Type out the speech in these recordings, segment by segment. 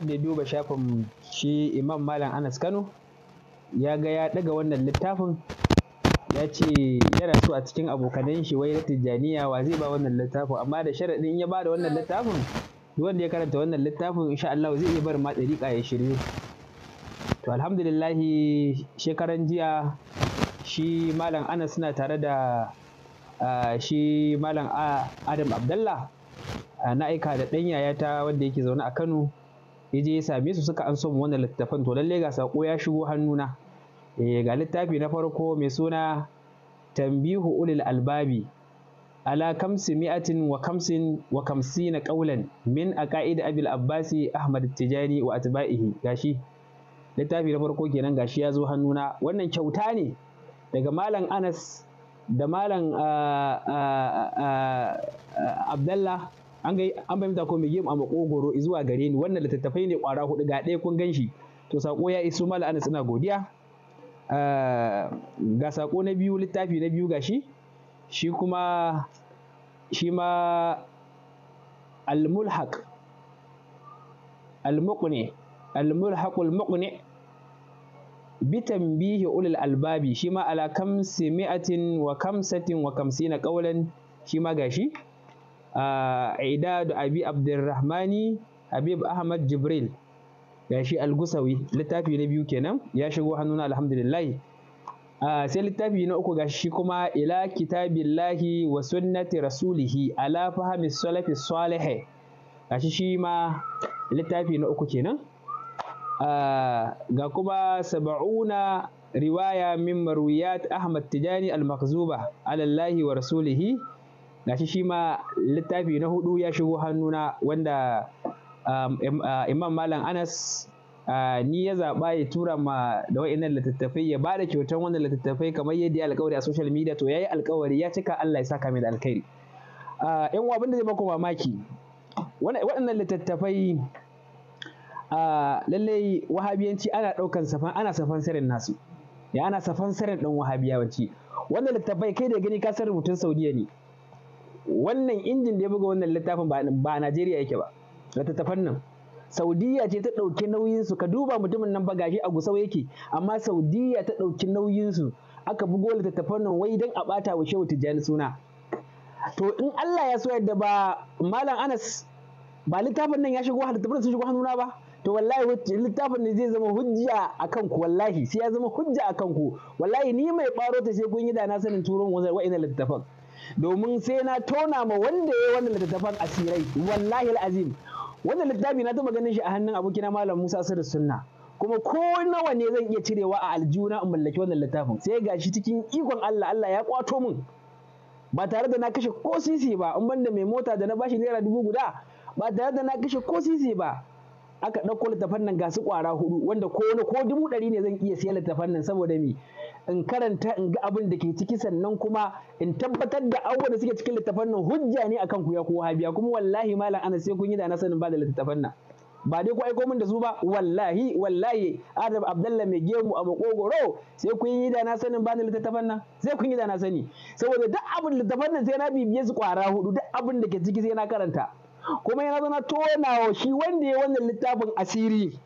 da ya duba shafin shi imam malam anas kano ya ga ya ɗaga wannan littafin ya ce yana so a cikin abokanan shi wai na tijjaniya wa zai ba wannan littafin amma da sharaɗin ya ba da wannan littafin duk wanda ya karanta wannan littafin insha Allah zai iya bar ma ɗariƙa ya shiryu to alhamdulillahi shekaran jiya shi malam anas suna tare da shi malam adam abdallah na aika da ɗan yayata wanda yake zaune a kano ya je ya same su suka an mu wannan littafin to lalle ga sako ya shigo hannuna eh ga littafi na farko mai suna tambihu ulil albabi ala kamsi mi'atin wa kamsin wa kamsina qawlan min aqaid abil abbasi ahmad tijani wa atba'ihi gashi littafi na farko kenan gashi ya zo hannuna wannan kyauta ne daga malam anas da malam ah, ah, ah, abdallah an ga an bai ko mai a makogoro zuwa gare ni wannan littattafai ne kwara hudu ga ɗaya kun gan shi to sako ya iso mala anas ina godiya eh, ga sako na biyu littafi na biyu gashi shi kuma shi ma almulhaq almuqni almulhaqul muqni bitambihi ulul albabi shi ma ala kam simi'atin wa kamsatin wa kamsina qawlan shi ma gashi Aida da abi abdurrahmani habib ahmad jibril gashi al-gusawi littafi na biyu kenan ya shigo hannuna alhamdulillah sai littafi na uku gashi shi kuma ila kitabillahi wa sunnati rasulihi ala fahmi salafi salih gashi shi ma littafi na uku kenan ga kuma saba'una riwaya min marwiyat ahmad tijani al-makhzuba ala allahi wa rasulihi gashi shi ma littafi na hudu ya shigo hannuna wanda um, uh, imam malam anas uh, ni ya zaɓa ya tura ma da wa'innan littattafai ya ba da kyautar wannan littattafai kamar yadda ya alkawari a social media to ya yi alkawari ya cika Allah ya saka mai da alkairi yan uh, uwa abinda zai baku mamaki waɗannan littattafai lallai wahabiyanci ana ɗaukan safan ana safan sirrin nasu ya ana safan sirrin ɗan wahabiyawanci wannan littattafai kai da gani ka san rubutun saudiya ne wannan injin da ya buga wannan littafin ba Najeriya yake ba littattafan nan Saudiya ce ta ɗauki nauyinsu ka duba mutumin nan ba gashi a gusau yake amma Saudiya ta ɗauki nauyinsu aka bugo littattafan nan wai don a ɓata wa shehu tijjani suna to in Allah ya so yadda ba malam Anas ba littafin nan ya shigo littafin sun shigo hannuna ba to wallahi littafin ne zai zama hujja a kanku wallahi sai ya zama hujja a kanku wallahi ni mai ɓaro ta sai kun yi da na sanin turon wa'ina littattafan. domin sai na tona ma wanda ya yi wannan littattafan asirai wallahi azim wannan littafi na taɓa ganin shi a hannun abokina malam Musa Sirri Sunna kuma ko nawa ne zan iya cirewa a aljuna in mallaki wannan littafin sai ga shi cikin ikon Allah Allah ya kwato min ba tare da na kashe ko sisi ba in banda mai mota da na bashi naira dubu guda ba tare da na kashe ko sisi ba aka ɗauko littafan nan ga su ƙwara hudu wanda ko wani ko dubu ɗari ne zan iya siya littafan nan saboda me in karanta in ga abin da ke ciki sannan kuma in tabbatar da abubuwan da suke cikin littafan nan hujja ne akan ku ya ko wahabiya kuma wallahi malam ana sai kun yi da na sanin ba da littafan nan ba dai ku aiko min da su ba wallahi wallahi Adam Abdallah mai gemu a makogoro sai kun yi da na sanin ba da littafan nan sai kun yi da na sani saboda duk abin littafan nan sai na bibiye su kwara hudu duk abin da ke ciki sai na karanta kuma yana zana tonawa shi wanda ya wannan littafin asiri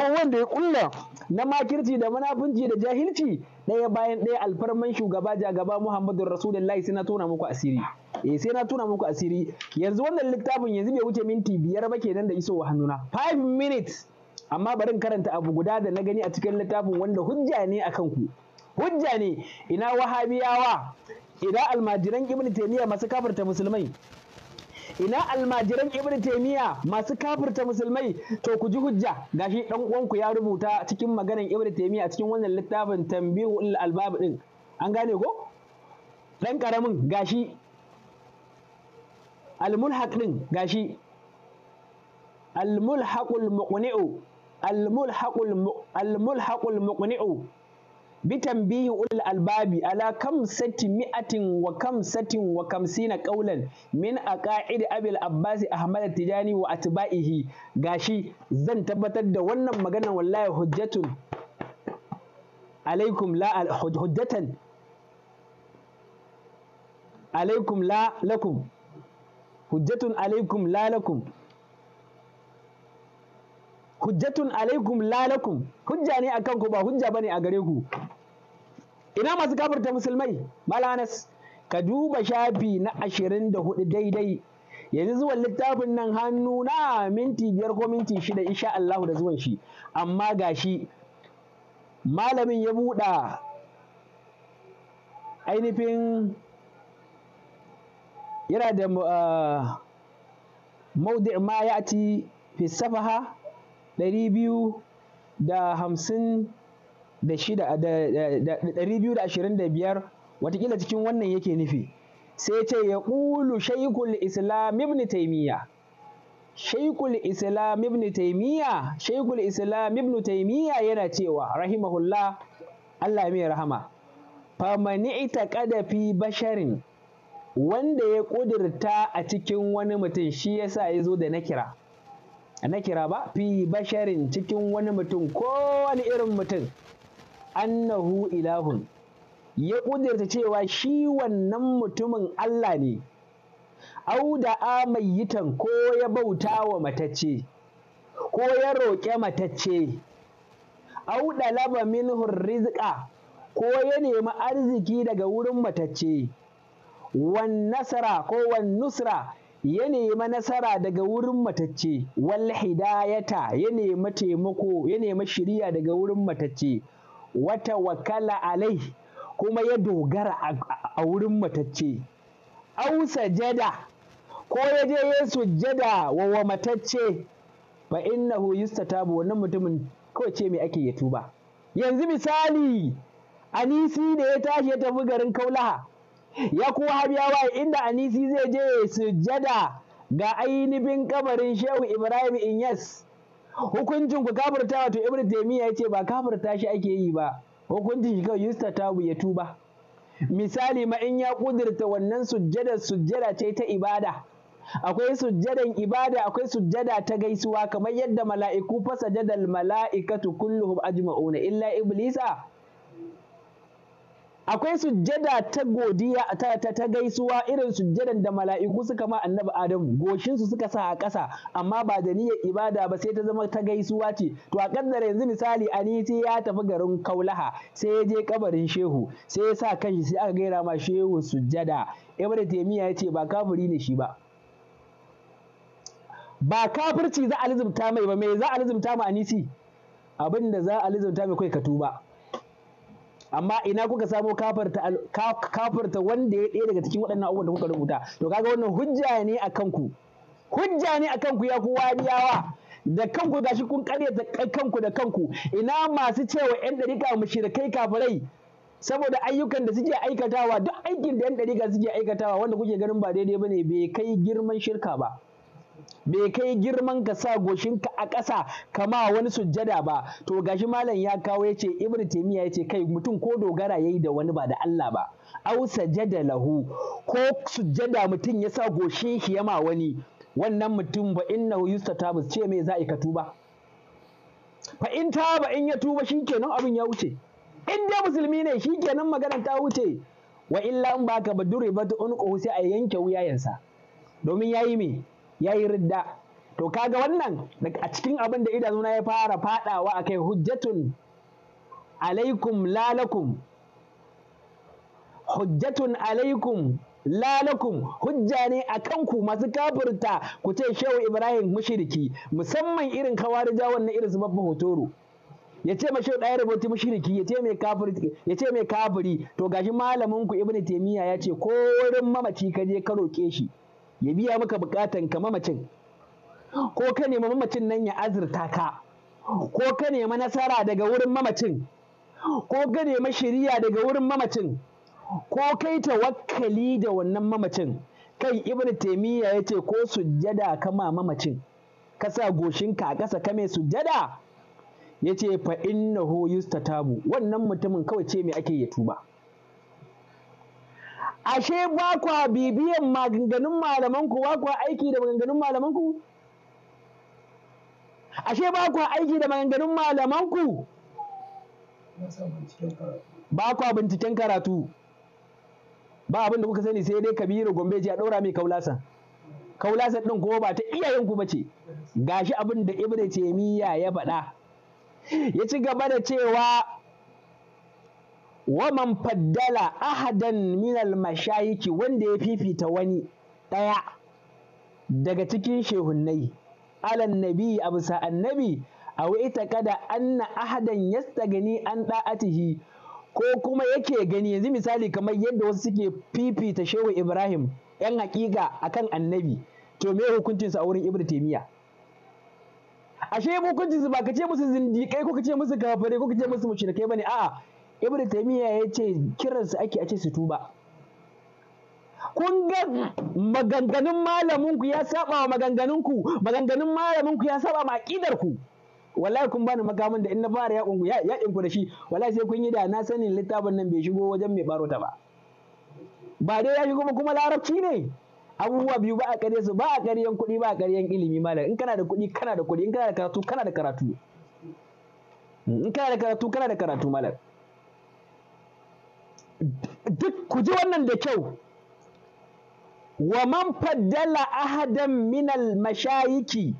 abubuwan da ya kulla na makirci da munafunci da jahilci ɗaya bayan ɗaya alfarman shugaba jagaba Muhammadu Rasulullahi sai na tona muku asiri. Eh sai na tona muku asiri. Yanzu wannan littafin yanzu bai wuce minti biyar ba kenan da iso isowa hannuna. Five minutes. Amma bari karanta abu guda da na gani a cikin littafin wanda hujja ne a kanku. Hujja ne ina wahabiyawa ina almajiran Ibn Taymiyyah masu kafarta musulmai ina almajiran ibn taymiya masu kafirta musulmai to ku ji hujja gashi dan uwanku ya rubuta cikin maganan ibn taymiya cikin wannan littafin tanbihul albab din an gane ko dan karamin gashi almulhaq din gashi almulhaqul muqni'u almulhaqul almulhaqul muqni'u Bitan biyu ulul albabi ala kam sati mi'atin wa kam satin wa kamsina qaulan min aqaid abil abbas ahmad tijani wa atba'ihi gashi zan tabbatar da wannan magana wallahi hujjatun alaikum la hujjatan alaikum la lakum hujjatun alaikum la lakum hujjatun alaikum lalakum hujja ne a kanku ba hujja bane a gare ku ina masu kafirta musulmai malanas ka duba shafi na ashirin da hudu daidai yanzu zuwan littafin nan hannu na minti biyar ko minti shida insha Allahu da zuwan shi amma gashi malamin ya buɗa ainihin yana da ah, maudu ma ya ci fi safaha ɗari biyu da hamsin da shida ɗari biyu da ashirin da biyar watakila cikin wannan yake nufi sai ce ya ƙulu shaikul islam ibn taimiyya shaikul islam ibn taimiyya shaikul islam ibn taimiyya yana cewa rahimahullah Allah mai rahama famani ita fi basharin wanda ya ƙudurta a cikin wani mutum shi yasa ya zo da na kira na kira ba fi basharin cikin wani mutum ko wani irin mutum annahu ilahun ya kudirta cewa shi wannan mutumin Allah ne au da amayitan ko ya bauta wa matacce ko ya roƙe matacce au da laba min rizqa ko ya nemi arziki daga wurin matacce wan nasara ko wan nusra ya nemi nasara daga wurin matacce wal hidayata ya nemi taimako ya nemi shiriya daga wurin matacce wata wakala alai kuma ya dogara a wurin matacce ausa jada. ko ya je ya sujjada wa wa matacce fa innahu yustatabu wannan mutumin kawai ce me ake ya tuba yanzu misali anisi da ya tashi ya tafi garin kaulaha ya kuwa habiyawa inda anisi zai je sujada ga ainihin kabarin shehu ibrahim inyas hukuncin ku kafirta wato ibn taymiya ya ce ba kafirta shi ake yi ba hukuncin shi kawai yusta tabu ya tuba misali ma in ya kudirta wannan sujada, sujada ce ta ibada akwai sujadan ibada akwai sujada ta gaisuwa kamar yadda mala'iku sajadal mala'ikatu kulluhum ajma'una illa iblisa akwai sujjada ta godiya ta, ta, gaisuwa irin sujjadan da mala'iku suka ma annabi adamu goshinsu suka sa a ƙasa amma ba da niyyar ibada ba sai ta zama ta gaisuwa ce to a kaddar yanzu misali sai ya tafi garin kaulaha sai ya je kabarin shehu sai ya sa kanshi sai aka gaira ma shehu sujjada ibnu taymiya ya ce ba kafiri ne shi ba ba kafirci za a lizumta mai ba me za a lizumta ma anisi abin za a lizumta mai kai ka tuba amma ina kuka samo kafarta wanda ya ɗaya daga cikin waɗannan abubuwan da kuka rubuta to kaga wannan hujja ne a kanku hujja ne a kanku ya ku wariyawa da kanku gashi kun karyata kanku da kanku ina masu cewa yan da kai kafirai saboda ayyukan da suke aikatawa duk aikin da yan ɗarika suke aikatawa wanda kuke ganin ba daidai ne bai kai girman shirka ba bai kai girman ka sa goshinka a ƙasa kama wani sujjada ba to gashi malam ya kawo ya ce ibn taymiya ya ce kai mutum ko dogara yayi da wani ba da Allah ba au sajada lahu ko sujjada mutum ya sa goshin shi ma wani wannan mutum ba innahu yustatabu ce a za'i ka tuba fa in taba in ya tuba shikenan abin ya wuce in dai musulmi ne shi shikenan maganar ta wuce wa illa in baka badure ba ta unqu sai a yanke wuyayensa domin yayi me ya yi ridda to kaga wannan a cikin abin da idanuna ya fara fadawa a kai hujjatun alaikum lalakum hujjatun alaikum lalakum hujja ne a kanku masu kafurta, ku ce shehu ibrahim mushiriki musamman irin kawarija wannan irin su babban hotoro ya ce ma shehu ɗaya rubutu mushiriki ya ce mai kafuri, to gashi malaminku, ku ibnu ya ce ko wurin mamaci ka je ka roƙe shi ya biya maka bukatan ka mamacin ko ka nema mamacin nan ya azurta ka ko ka nema nasara daga wurin mamacin ko ka nema shiriya daga wurin mamacin ko kai tawakkali da wannan mamacin kai ibnu taimiyya ya ce ko sujjada kama mamacin ka sa goshinka a ƙasa ka mai sujjada ya ce fa innahu yustatabu wannan mutumin kawai ce me ake ya tuba ashe ba kwa bibiyan maganganun malamanku ba kwa aiki da maganganun malamanku ashe ba kwa aiki da maganganun malamanku ba kwa binciken karatu ba abin da kuka sani sai dai kabiru gombe ji a ɗaura mai kaulasa kaulasa ɗin kuma ba ta iyayenku ba ce gashi abin da ce taymiya ya faɗa ya ci gaba da cewa waman faddala ahadan minal mashayiki wanda ya fifita wani ɗaya daga cikin shehunnai alan nabi a bisa annabi a ita kada anna ahadan gani an da'atihi ko kuma yake gani yanzu misali kamar yadda wasu suke fifita shehu ibrahim yan hakika akan annabi to me hukuncinsu a wurin ibn taymiya ashe su ba ka ce musu zindiƙai ko ka ce musu kafirai ko ka ce musu mushrikai bane a'a ibn taymiya ya ce kiransu ake a ce su tuba kun ga maganganun malamin ku ya saba wa maganganun ku maganganun malamin ku ya saba ma akidar ku wallahi kun bani makamin da in na fara ya kungu ya da shi wallahi sai kun yi da na sanin littafin nan bai shigo wajen mai baro ta ba ba dai ya shigo ba kuma larabci ne abubuwa biyu ba a kare su ba a karyan kuɗi ba a karyan ilimi malam in kana da kuɗi kana da kuɗi in kana da karatu kana da karatu in kana da karatu kana da karatu malam duk ku ji wannan da kyau wa man faddala ahadan minal mashayiki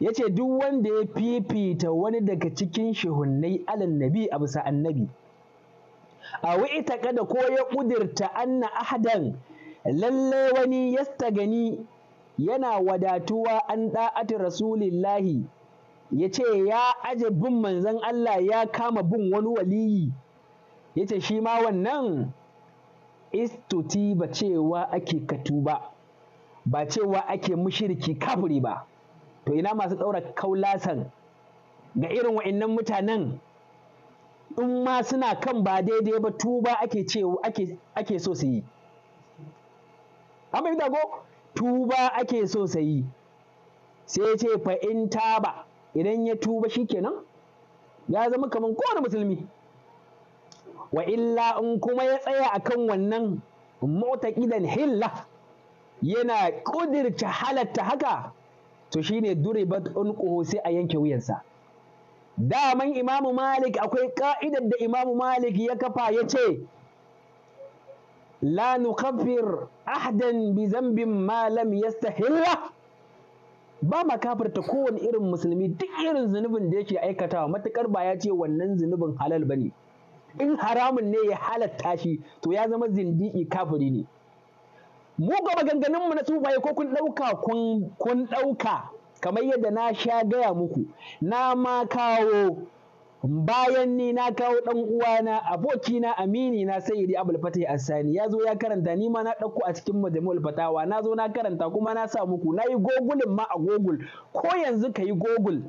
ya ce duk wanda ya fifita wani daga cikin shihunnai alan nabi a bisa annabi a ita kada ko ya ƙudirta anna ahadan lalle wani yasta gani yana wadatuwa an da'ati rasulillahi ya ce ya aje bin manzon Allah ya kama bin wani waliyi ya ce shi ma wannan istuti ba cewa ake katuba ba cewa ake mushirki kafiri ba to ina masu ɗaura kaulasan ga irin wa'innan mutanen in ma suna kan ba daidai ba tuba ake cewa ake so su yi amma ko tuba ake so su yi sai ce fa ba idan ya tuba shikenan ya zama kamar kowane musulmi wa illa in kuma ya tsaya akan wannan mota idan hilla yana ƙudirta halatta haka to shine duribat unquhu sai a yanke wuyansa daman imamu malik akwai ka'idar da imamu malik ya kafa ya ce la nukaffir ahdan bi zambin ma lam yastahilla ba ma kafirta kowane irin musulmi duk irin zunubin da yake aikatawa matukar ba ya ce wannan zunubin halal bane ne in haramun ne ya halatta shi to ya zama zindiki kafiri ne mu ga maganganun mu na tsubaye ko kun ɗauka kun ɗauka. kamar yadda na sha gaya muku na ma kawo bayan ni na kawo dan uwana abokina amini na sayyidi abul fatih asani ya zo ya karanta ni ma na ɗauko a cikin majmu'ul fatawa na zo na karanta kuma na sa muku na yi gogulin ma a gogul ko yanzu ka yi gogul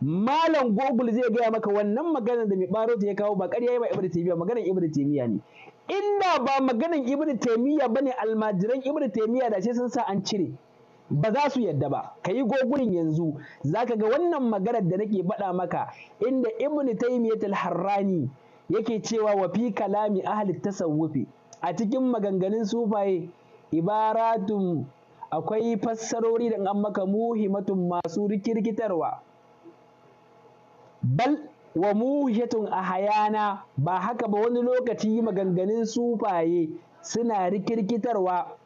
malam Google zai gaya maka wannan maganar da mai ɓaro ya kawo ba ƙarya ba Ibn Taymiyyah maganar Ibn Taymiyyah ne inda ba maganar Ibn ba ne almajiran Ibn Taymiyyah da ce sun sa an cire ba za su yadda ba ka yi gogurin yanzu za ka ga wannan maganar da nake faɗa maka inda ibnu taymiyyat al-harrani yake cewa wa fi kalami ahli tasawufi a cikin maganganun sufaye ibaratun akwai fassarori da an maka muhimmatun masu rikirkitarwa bal wa muhyatun hayana ba haka ba wani lokaci maganganun sufaye suna rikirkitarwa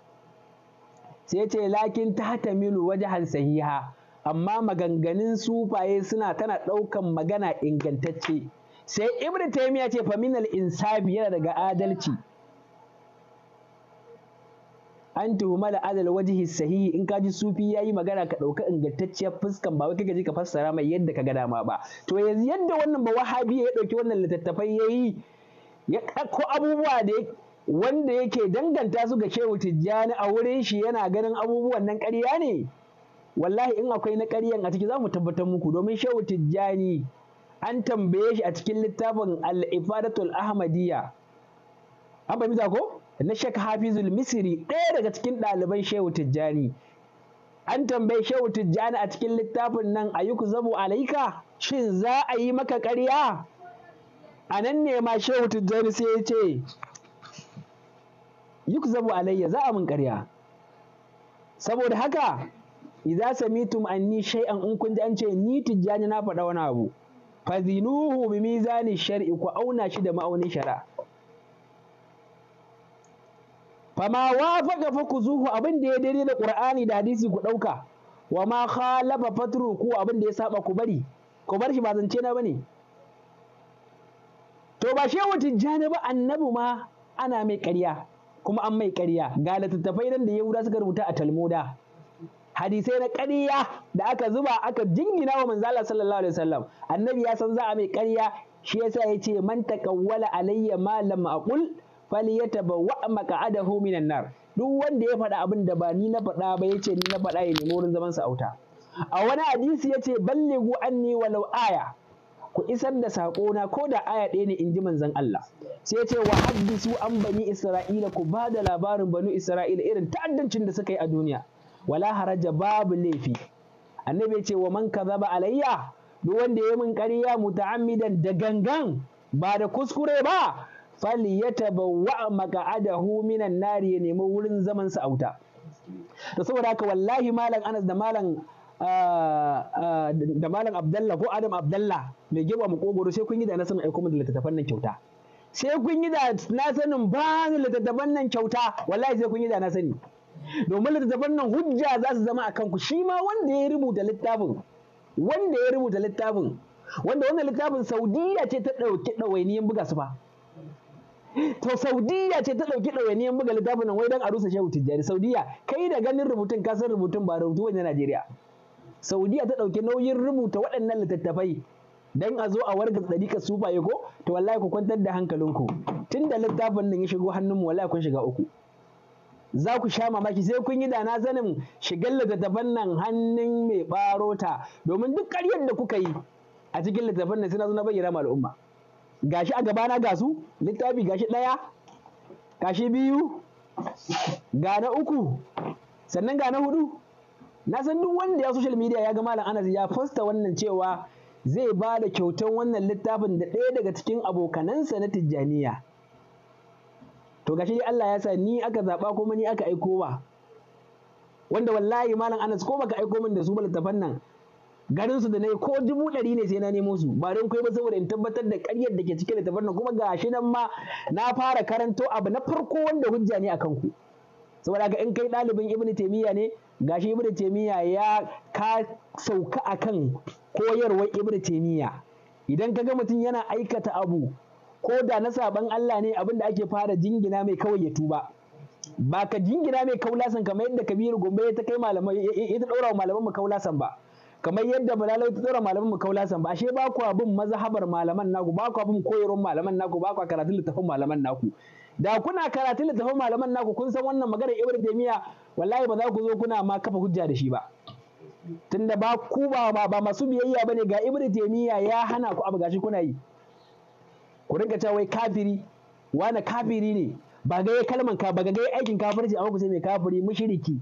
sai ce lakin ta milu wajahan sahiha amma maganganun sufaye suna tana ɗaukan magana ingantacce sai ibn taymiya ce faminal insabi yana daga adalci an tuhuma la adal wajihi sahihi in kaji sufi yayi magana ka ɗauka ingantacciyar fuskan ba wai ka ji ka fassara mai yadda ka ga dama ba to yanzu yadda wannan ba wahabi ya ɗauki wannan littattafai yayi ya ɗauko abubuwa da wanda yake danganta su ga shehu tijjani a wurin shi yana ganin abubuwan nan ƙarya ne wallahi in akwai na ƙaryan a ciki za mu tabbatar muku domin shehu tijjani an tambaye shi a cikin littafin al-ifadatul ahmadiyya an fahimta ko na Sheikh Hafizul Misri ɗaya daga cikin ɗaliban Shehu Tijjani. An tambayi Shehu Tijjani a cikin littafin nan a yi ku zabu alaika shin za a yi maka ƙarya? A nan ne ma Shehu Tijjani sai ya ce yi ku zabu alayya za a min ƙarya. Saboda haka idza samitum anni shay'an in kun ji an ce ni Tijjani na faɗa wani abu. Fazinuhu bi mizani shar'i ku auna shi da ma'aunin shari'a. fama wafaka fa kuzuhu abin da ya daidai da qur'ani da hadisi ku ɗauka wa ma khalafa fatru ku abin da ya saba ku bari ku bar shi ba zance na bane to ba shehu tijjani ba annabi ma ana mai ƙarya kuma an mai ƙarya ga littattafai nan da yahuda suka rubuta a talmuda hadisai na ƙarya da aka zuba aka jingina wa manzala sallallahu alaihi wasallam annabi ya san za a mai ƙarya shi yasa ya ce man taqawwala alayya ma lam aqul falyatabawwa maq'adahu minan nar duk wanda ya faɗa abin da ba ni na faɗa ba yace ni na faɗa ya nemi wurin zaman sa auta a wani hadisi yace ballighu anni walau aya ku isar da sako na ko da aya ɗaya ne in ji manzon Allah sai yace wa haddisu an bani isra'ila ku ba da labarin banu isra'ila irin ta'addancin da suka yi a duniya wala haraja babu laifi annabi yace wa man kadhaba alayya duk wanda ya yi min ƙarya muta'ammidan da gangan ba da kuskure ba falyatabawwa maq'adahu minan nari ya nemi wurin zaman sa auta to saboda haka wallahi malam Anas da malam ah, ah, da malam Abdallah ko Adam Abdullah mai girma mu kogoro sai kun yi da na sanin aiko da littattafan nan kyauta sai kun yi da na sanin ba ni littattafan nan kyauta wallahi sai kun yi da na sani domin littattafan nan hujja za su zama a ku. shi ma wanda ya rubuta littafin wanda ya rubuta littafin wanda wannan littafin saudiya ce ta ɗauki ɗawainiyin buga su ba to saudiya ce ta ɗauki ɗawainiyar buga littafin nan wai don a rusa shehu tijjani saudiya kai da ganin rubutun san rubutun ba rubutu wajen najeriya saudiya ta ɗauki nauyin rubuta waɗannan littattafai don a zo a warga ɗariƙa sufaye ko to wallahi ku kwantar da hankalinku tun da littafin nan ya shigo hannunmu wallahi kun shiga uku za ku sha mamaki sai kun yi da na sanin shigar littattafan nan hannun mai ɓarota domin duk ƙaryar da kuka yi a cikin littattafan nan suna zuna na bayyana al'umma gashi a gabana ga su littafi gashi ɗaya gashi biyu ga na uku sannan ga na hudu na san duk wanda ya social media ya ga malam anas ya fasta wannan cewa zai ba da kyautar wannan littafin da ɗaya daga cikin abokanansa na tijjaniya to gashi dai Allah ya sa ni aka zaɓa kuma ni aka aiko ba wanda wallahi malam anas ko baka aiko min da su ba littafan nan garin su da nayi ko dubu ɗari ne sai na nemo su ba don kai ba saboda in tabbatar da ƙaryar da ke cike da tabarna kuma gashi nan ma na fara karanto abu na farko wanda hujja ne akan ku saboda haka in kai ɗalibin ibn taymiya ne gashi ibn taymiya ya ka sauka kan koyarwar ibn taymiya idan ka ga mutum yana aikata abu ko da na saban Allah ne abin da ake fara jingina mai kawai ya tuba ba ka jingina mai kaulasan kamar yadda kabiru gombe ya ta kai malamai ya ta ɗora wa malaman mu kaulasan ba kamar yadda balalau ta tsora malaman mu san ba ashe ba kwa bin mazhabar malaman naku ba kwa bin koyarwar malaman naku ba kwa karatun littafin malaman naku da kuna karatun littafin malaman naku kun san wannan magana ibnu taymiya wallahi ba za ku zo kuna ma kafa hujja da shi ba tunda ba ku ba ba masu biyayya ba ne ga ibnu taymiya ya hana ku abu gashi kuna yi ku rinka cewa wai kafiri wani kafiri ne ba ga kalman ka ba ga aikin kafirci amma ku sai mai kafiri mushriki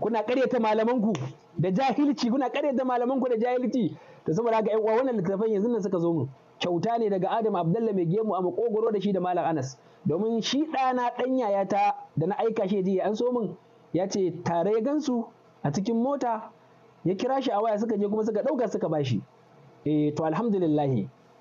kuna karyata malamanku da jahilci kuna karyata malamanku da jahilci da saboda haka ƴan uwa wannan littafin yanzu nan suka zo mu kyauta ne daga Adam Abdullahi, mai gemu a makogoro da shi da Malam Anas domin shi ɗana ɗan yayata da na aika shi jiya an so mun, ya ce tare ya gansu a cikin mota ya kira shi a waya suka je kuma suka ɗauka suka bashi eh to alhamdulillah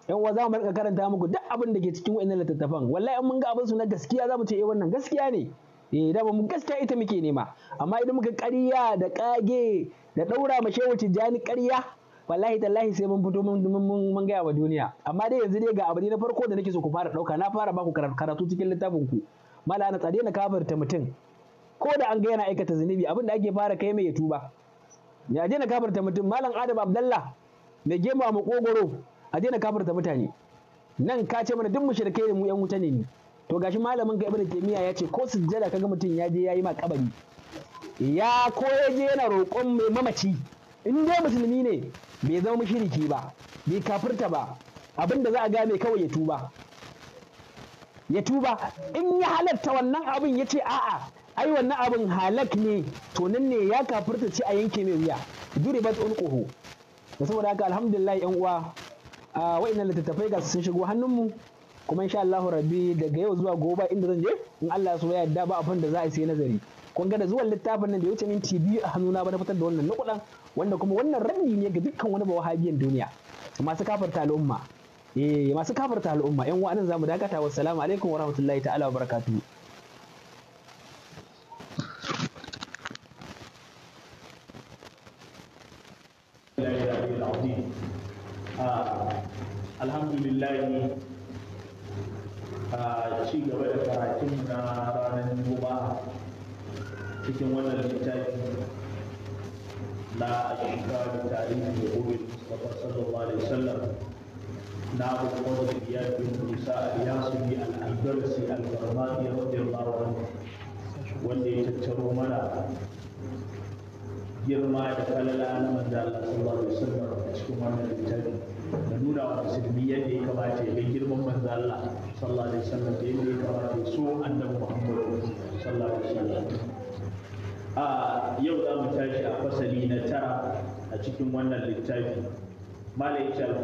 yan uwa za mu rika karanta muku duk abin da ke cikin wannan littattafan wallahi in mun ga abin su na gaskiya za mu ce eh wannan gaskiya ne eh da ba mu gaskiya ita muke nema amma idan muka ƙarya da ƙage da ɗaura ma shehu jani ƙarya wallahi tallahi sai mun fito mun gaya wa duniya amma dai yanzu dai ga abu na farko da nake so ku fara ɗauka na fara baku karatu cikin littafin ku mala na tsade na kafarta mutum ko da an ga yana aikata zunubi abin da ake fara kai mai ya tuba ya je na kafarta mutum malam adam abdallah mai gema mu kogoro a je na kafarta mutane nan ka ce mana duk kai ne mu yan wuta ne ni to gashi malamin ka ibnu taymiya ya ce ko sujjada kaga mutum ya je yayi ma kabari ya ko ya je yana roƙon mai mamaci in dai musulmi ne bai zama mushriki ba bai kafirta ba abin da za a game kawai ya tuba ya tuba in ya halatta wannan abin ya ce a'a ai wannan abin halak ne to nan ne ya kafirta ce a yanke mai wuya ba unquhu da saboda haka alhamdulillah yan uwa wa'in nan littattafai ga sun shigo hannunmu kuma insha Allah rabbi daga yau zuwa gobe inda zan je in Allah so ya yarda ba abin da za a yi nazari kun ga da zuwan littafin nan da wuce minti biyu a hannuna ba na fitar da wannan nukudan wanda kuma wannan ranni ne ga dukkan wani bawahabiyan duniya masu kafarta al'umma eh masu kafarta al'umma yan wa'anan zamu dakata wassalamu alaikum wa rahmatullahi ta'ala wa barakatuhu Alhamdulillah a ci gaba da karatunmu na ranar juma'a cikin wannan littafi na shekaru tarihi da gobe mustafa sallallahu alaihi wasallam na abubuwan da biyar bin isa al-yasiri al-albarsi al-barmadi radiyallahu anhu wanda ya tattaro mana girma da falala na manzo Allah sallallahu alaihi wasallam cikin wannan littafi da nuna wa musulmi yadda ya kamata ya girman manzo Allah sallallahu alaihi wasallam da yadda ya kamata so annabi Muhammad sallallahu alaihi wasallam a yau za mu tashi a fasali na tara a cikin wannan littafi malaikci al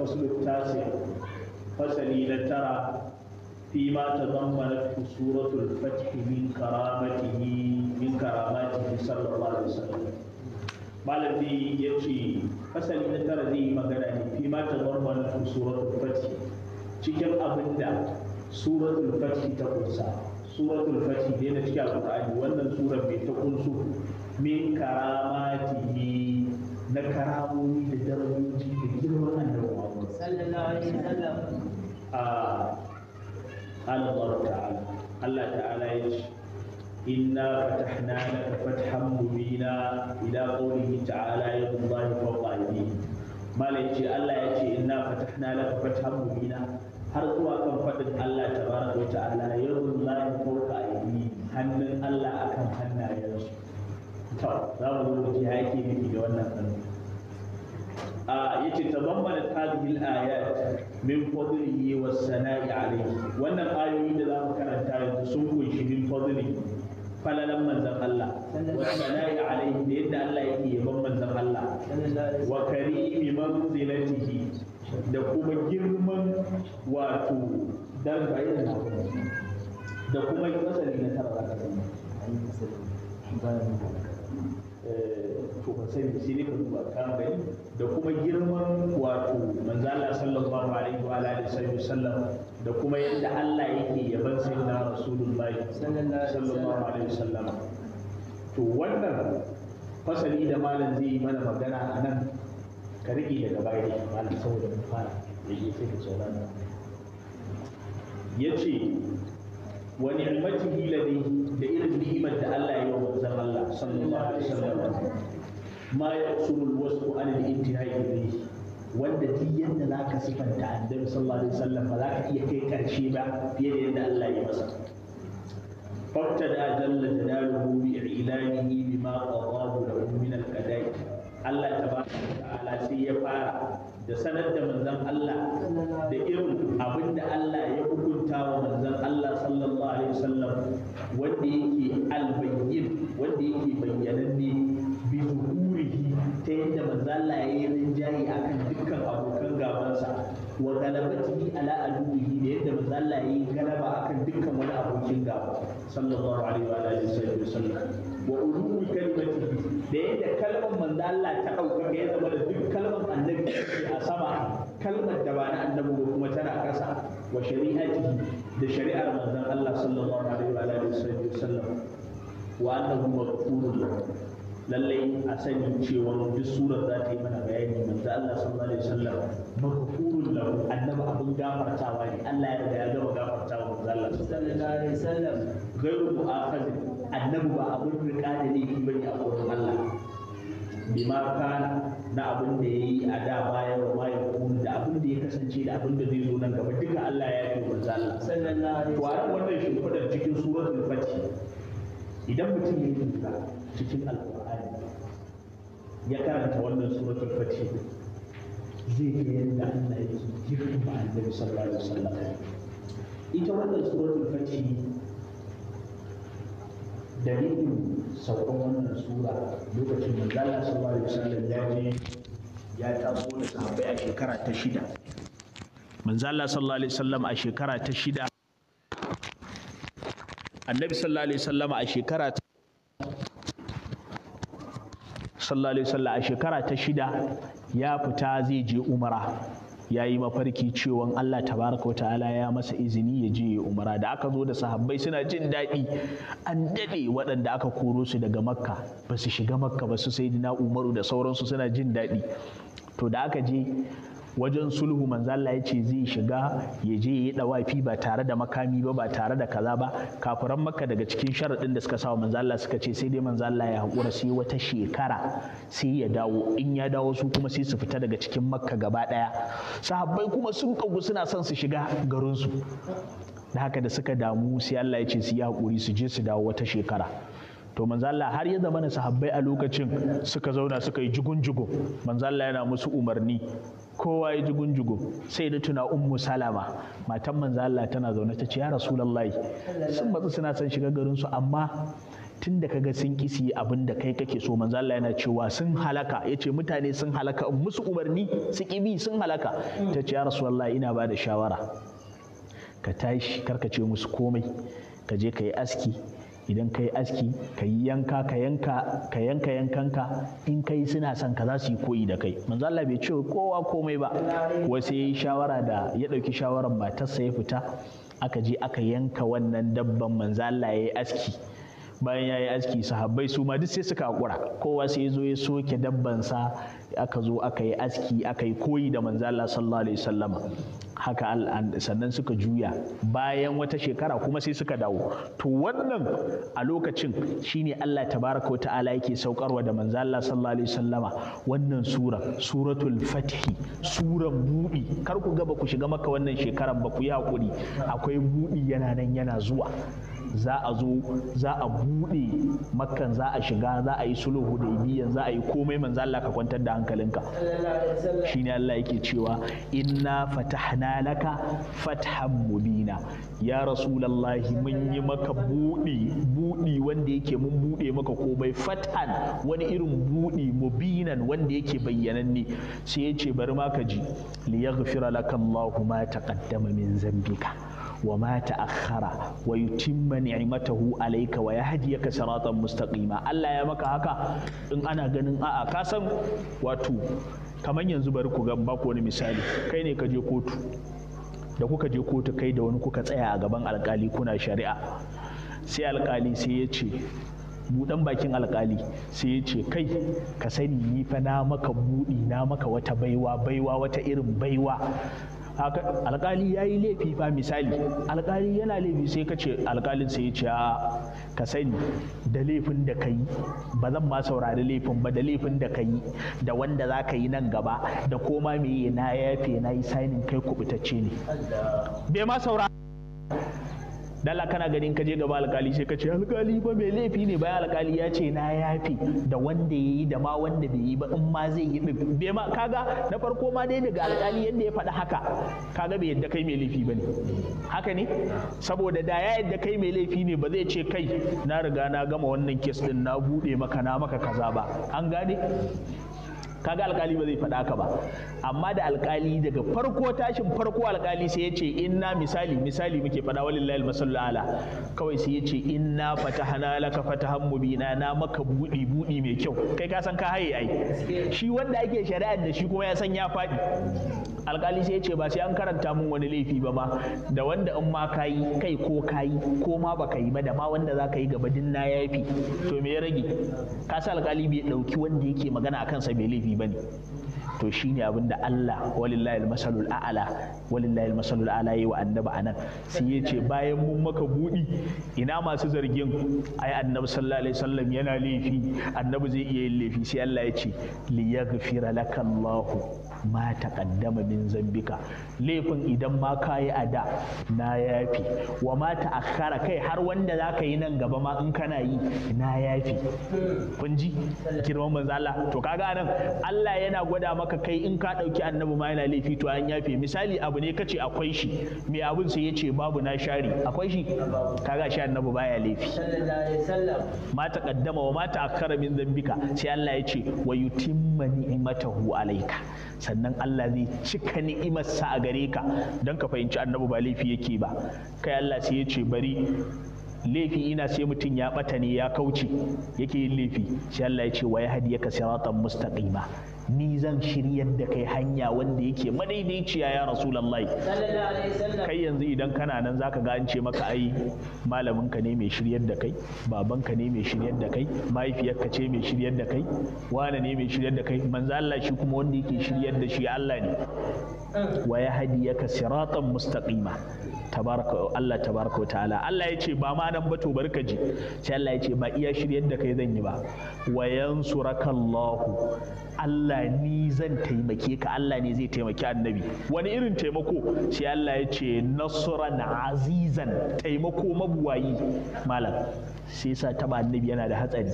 ta ce fasali na tara فيما تضمنته سورة suratul من min karamatihi min karamatihi sallallahu alaihi wasallam malam ya ce fasali na tara zai yi magana ne fi ma ta zama suratul fati cikin abin da suratul fati ta kunsa suratul fati ne na cikin alƙur'ani wannan surar mai ta kunsu min karamatihi na karamomi da darajoji da girman annabi sallallahu alaihi wasallam a ah, Allah ta'ala Allah ta'ala ya ce إنا فتحنا لك فتحا مبينا إلى قوله تعالى يد الله فوق أيديهم ما ليتي الله يأتي إنا فتحنا لك فتحا مبينا har zuwa kan faɗin Allah ta baraka wa ta'ala yawon lahi ko ka'idi hannun Allah akan hannayensu to za mu zo muke haƙi miki wannan hannu yace tabammala hadhihi al-ayat min fadlihi was sana'i alayhi wannan ayoyi da za mu karanta yanzu sun kunshi min falalan manzan Allah wa sana'i alaihi da yadda Allah yake yaban manzan Allah wa karimi manzilatihi da kuma girman wato dan bayan da kuma matsalin na Eh, to ban sani shi ne ka duba ka bai da kuma girman wato manzo Allah sallallahu alaihi wa alihi wasallam da kuma yadda Allah yake yaban sayyidina rasulullahi sallallahu alaihi wasallam to wannan fasali da malam zai yi mana magana a nan ka rike daga baya da malam saboda mun fara yake sai ka yace wa ni'matihi ladayhi da irin ni'imar da Allah ya yi wa manzon Allah sallallahu alaihi wasallam ma ya usulul wasfu an al-intihai ilayhi wanda duk yadda za ka sifanta annabi sallallahu alaihi wasallam ba za ka iya kai karshe ba fiye da yadda Allah ya masa فابتدى جل جلاله بإعلانه بما قضاه له من الأداء الله تبارك وتعالى سي da sanar da manzon Allah da irin abin da Allah ya wanda yake albayyin wanda yake bayyananne bi zuhurihi ta yadda manzo Allah ya yi rinjaye akan dukkan abokan gabansa wa galabatihi ala aduwihi da yadda manzo ya yi galaba akan dukkan wani abokin gaba sallallahu alaihi wa alihi wa sallam wa ulul kalimati da yadda kalmar manzo Allah ta dauka ya zama da duk kalmar annabi a sama kalmar da ba na annabi kuma tana kasa, wa shari'ati da shari'ar manzon Allah sallallahu alaihi wa alihi wasallam wa annahu maghfurun lallai a sani cewa duk surar za ta yi mana bayani manzo Allah sallallahu alaihi wasallam maghfurun lahu annabi abin gafartawa ne Allah ya riga ya gama gafartawa manzo Allah sallallahu alaihi wasallam gairu mu'akhadh annabi ba abin riƙa da laifi bane a gurin Allah bima kana na abin da ya yi a da bayan wa ya ya da abin da ya kasance da abin da zai zo nan gaba duka Allah ya yi sannan Allah sallallahu alaihi wasallam wannan shimfidar cikin al-fati idan mutum ya yi cikin al-qur'ani ya karanta wannan al-fati zai ga yadda Allah ya yi girma annabi sallallahu alaihi wasallam ita wannan al-fati dalilin saukan wannan sura lokacin da manzala sallallahu alaihi wasallam ya je ya taso da sahabbai a shekara ta shida Allah sallallahu alaihi wasallam a shekara ta shida annabi sallallahu alaihi wasallam a shekara ta sallallahu alaihi wasallam a shekara ta shida ya fita zai je umara ya yi mafarki cewan Allah tabaraka wa ta'ala ya masa izini ya je umara da aka zo da sahabbai suna jin daɗi an daɗe waɗanda aka koro su daga makka ba su shiga makka ba su sai dina umaru da sauransu suna jin daɗi to da aka je wajen sulhu manzala ya ce zai shiga ya je ya dawafi ba tare da makami ba ba tare da kaza ba kafiran makka daga cikin sharaɗin da suka sawa manzala suka ce sai dai manzala ya haƙura sai wata shekara sai ya dawo in ya dawo su kuma sai su fita daga cikin makka gaba ɗaya sahabbai kuma sun kagu suna son su shiga garin su da haka da suka damu sai Allah yace su yi hakuri su je su dawo wata shekara to manzo har ya zama sahabbai a lokacin suka zauna suka yi jugun jugun manzo yana musu umarni kowa ya ji gunjugo sai da tuna ummu salama matan manzo Allah tana zaune ta ce ya rasulullahi sun matsu suna son shiga garin su amma tun da kaga sun kisi abin da kai kake so manzo Allah yana cewa sun halaka yace mutane sun halaka musu umarni su kibi sun halaka ta ce ya rasulullahi ina ba da shawara ka tashi karka ce musu komai ka je ka yi aski idan ka yi aski ka yi yanka ka yanka ka yankanka in kai suna son ka za su yi koyi da kai manzo Allah bai ce kowa komai ba kuwa sai ya yi shawara da ya ɗauki shawarar matarsa ya fita aka je aka yanka wannan dabban manzo Allah ya yi aski bayan ya yi aski sahabbai su ma duk sai suka hakura kowa sai ya zo ya soke dabban sa aka zo aka yi aski aka yi koyi da manzo Allah sallallahu alaihi wasallama haka sannan suka juya bayan wata shekara kuma sai suka dawo to wannan a lokacin shine Allah tabaraka wa ta'ala yake saukarwa da manzo Allah sallallahu alaihi wasallama wannan sura suratul fathi suran budi kar ku ga ba ku shiga maka wannan shekaran ba ku yi hakuri akwai budi yana nan yana zuwa za a zo za a buɗe makkan za a shiga za a yi sulhu da ibiyan za a yi komai manzo Allah ka kwantar da hankalinka shine Allah yake cewa inna fatahna laka fathan mubina ya rasulullahi mun yi maka buɗi buɗi wanda yake mun buɗe maka komai fathan wani irin buɗi mubinan wanda yake bayyananne sai yace bari maka ka ji yaghfira laka Allahu ma taqaddama min zambika wa ma ta'akhkhara wa yutimma ni'matahu alayka wa yahdiyaka siratan mustaqima Allah ya maka haka in ana ganin a'a ka san wato kamar yanzu bari ku ga ba wani misali kai ne ka je kotu da kuka je kotu kai da wani kuka tsaya a gaban alkali kuna shari'a sai alkali sai ya ce dan bakin alkali sai ya ce kai ka sani ni fa na maka buɗi na maka wata baiwa baiwa wata irin baiwa alkali ya yi laifi fa misali alkali yana laifi sai ka ce alkalin sai ya ce ka sani da laifin da ka yi ba zan ma saurari laifin ba da laifin da ka yi da wanda za ka yi nan gaba da koma me na yafe na yi sainin kai kubutacce ne bai dala kana ganin ka je gaba alkali sai ka ce alkali ba mai laifi ne bayan alkali ya ce na yafi da wanda ya yi da ma wanda bai yi ba in ma zai yi din bai ma kaga na farko ma dai daga alkali yadda ya faɗi haka kaga bai yadda kai mai laifi ba ne haka ne saboda da ya yadda kai mai laifi ne ba zai ce kai na riga na gama wannan kes din na buɗe maka na maka kaza ba an gane kaga alkali ba zai faɗa ka ba amma da alkali daga farko tashin farko alkali sai ya ce inna misali misali muke faɗa walillahi almasallu ala kawai sai ya ce inna fatahana laka fatahan mubina na maka buɗi buɗi mai kyau kai ka san ka haye ai shi wanda ake shari'ar da shi kuma ya san ya faɗi alkali sai ya ce ba sai an karanta mun wani laifi ba ma da wanda in ma ka kai ko ka ko ma baka yi ba da ma wanda za ka yi gaba din na yafi to me ya rage ka sa alkali bai ɗauki wanda yake magana a kansa bai laifi bane to shine abin da Allah walillahi almasalul a'la walillahi almasalul a'la yi wa annabi anan sai ya ce bayan mun maka budi ina masu zargin ai annabi sallallahu alaihi wasallam yana laifi annabi zai iya yin laifi sai Allah ya ce liyaghfira lakallahu ma kaddama min zambika laifin idan ma kayi a da na yafi wa ma ta'akhkhara kai har wanda za ka yi nan gaba ma in kana yi na yafi kun ji girman manzo Allah to kaga nan Allah yana gwada maka kai in ka ɗauki annabi ma yana laifi to an yafe misali abu ne kace akwai shi me abun sai yace babu na shari akwai shi kaga shi annabi baya laifi ma kaddama wa ma ta'akhkhara min zambika sai Allah yace wa yutim yutimma ni'matahu alaika sannan Allah zai cika ni'imarsa a gare ka don ka fahimci annabu ba laifi yake ba kai Allah sai ya ce bari laifi ina sai mutum ya ɓata ne ya kauce yake yin laifi sai Allah ya ce wa ya hadiyaka siratan mustaqima ni zan shiryar da kai hanya wanda yake madaidaiciya ya rasulallah kai yanzu idan kana nan zaka ga an ce maka ai malaminka ne mai shiryar da kai babanka ne mai shiryar da kai ka ce mai shiryar da kai wane ne mai shiryar da kai manzo Allah shi kuma wanda yake shiryar da shi Allah ne wa ya hadiyaka siratan mustaqima tabaraka Allah tabaraka wa ta'ala Allah ya ce ba ma nan ba to barka ji sai Allah ya ce ba iya shiryar da kai zan yi ba wa yansuraka Allah ni zan taimake ka Allah ne zai taimaki annabi wani irin taimako sai Allah ya ce nasran azizan taimako mabuwayi malam sai sa taba annabi yana da hatsari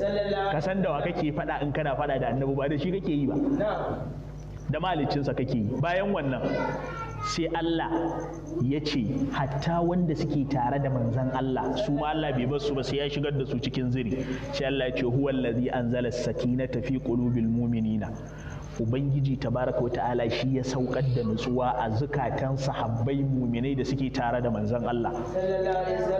ka san da wa kake faɗa in kana faɗa da annabi ba da shi kake yi ba da malicinsa kake yi bayan wannan sai Allah ya ce hatta wanda suke tare da manzan Allah su ma Allah bai bar su ba sai ya shigar da su cikin ziri sai Allah ya ce huwa allazi anzala sakinata fi qulubil mu'minina ubangiji tabaraka wa ta'ala shi ya saukar da nutsuwa a zukatan sahabbai muminai da suke tare da manzan Allah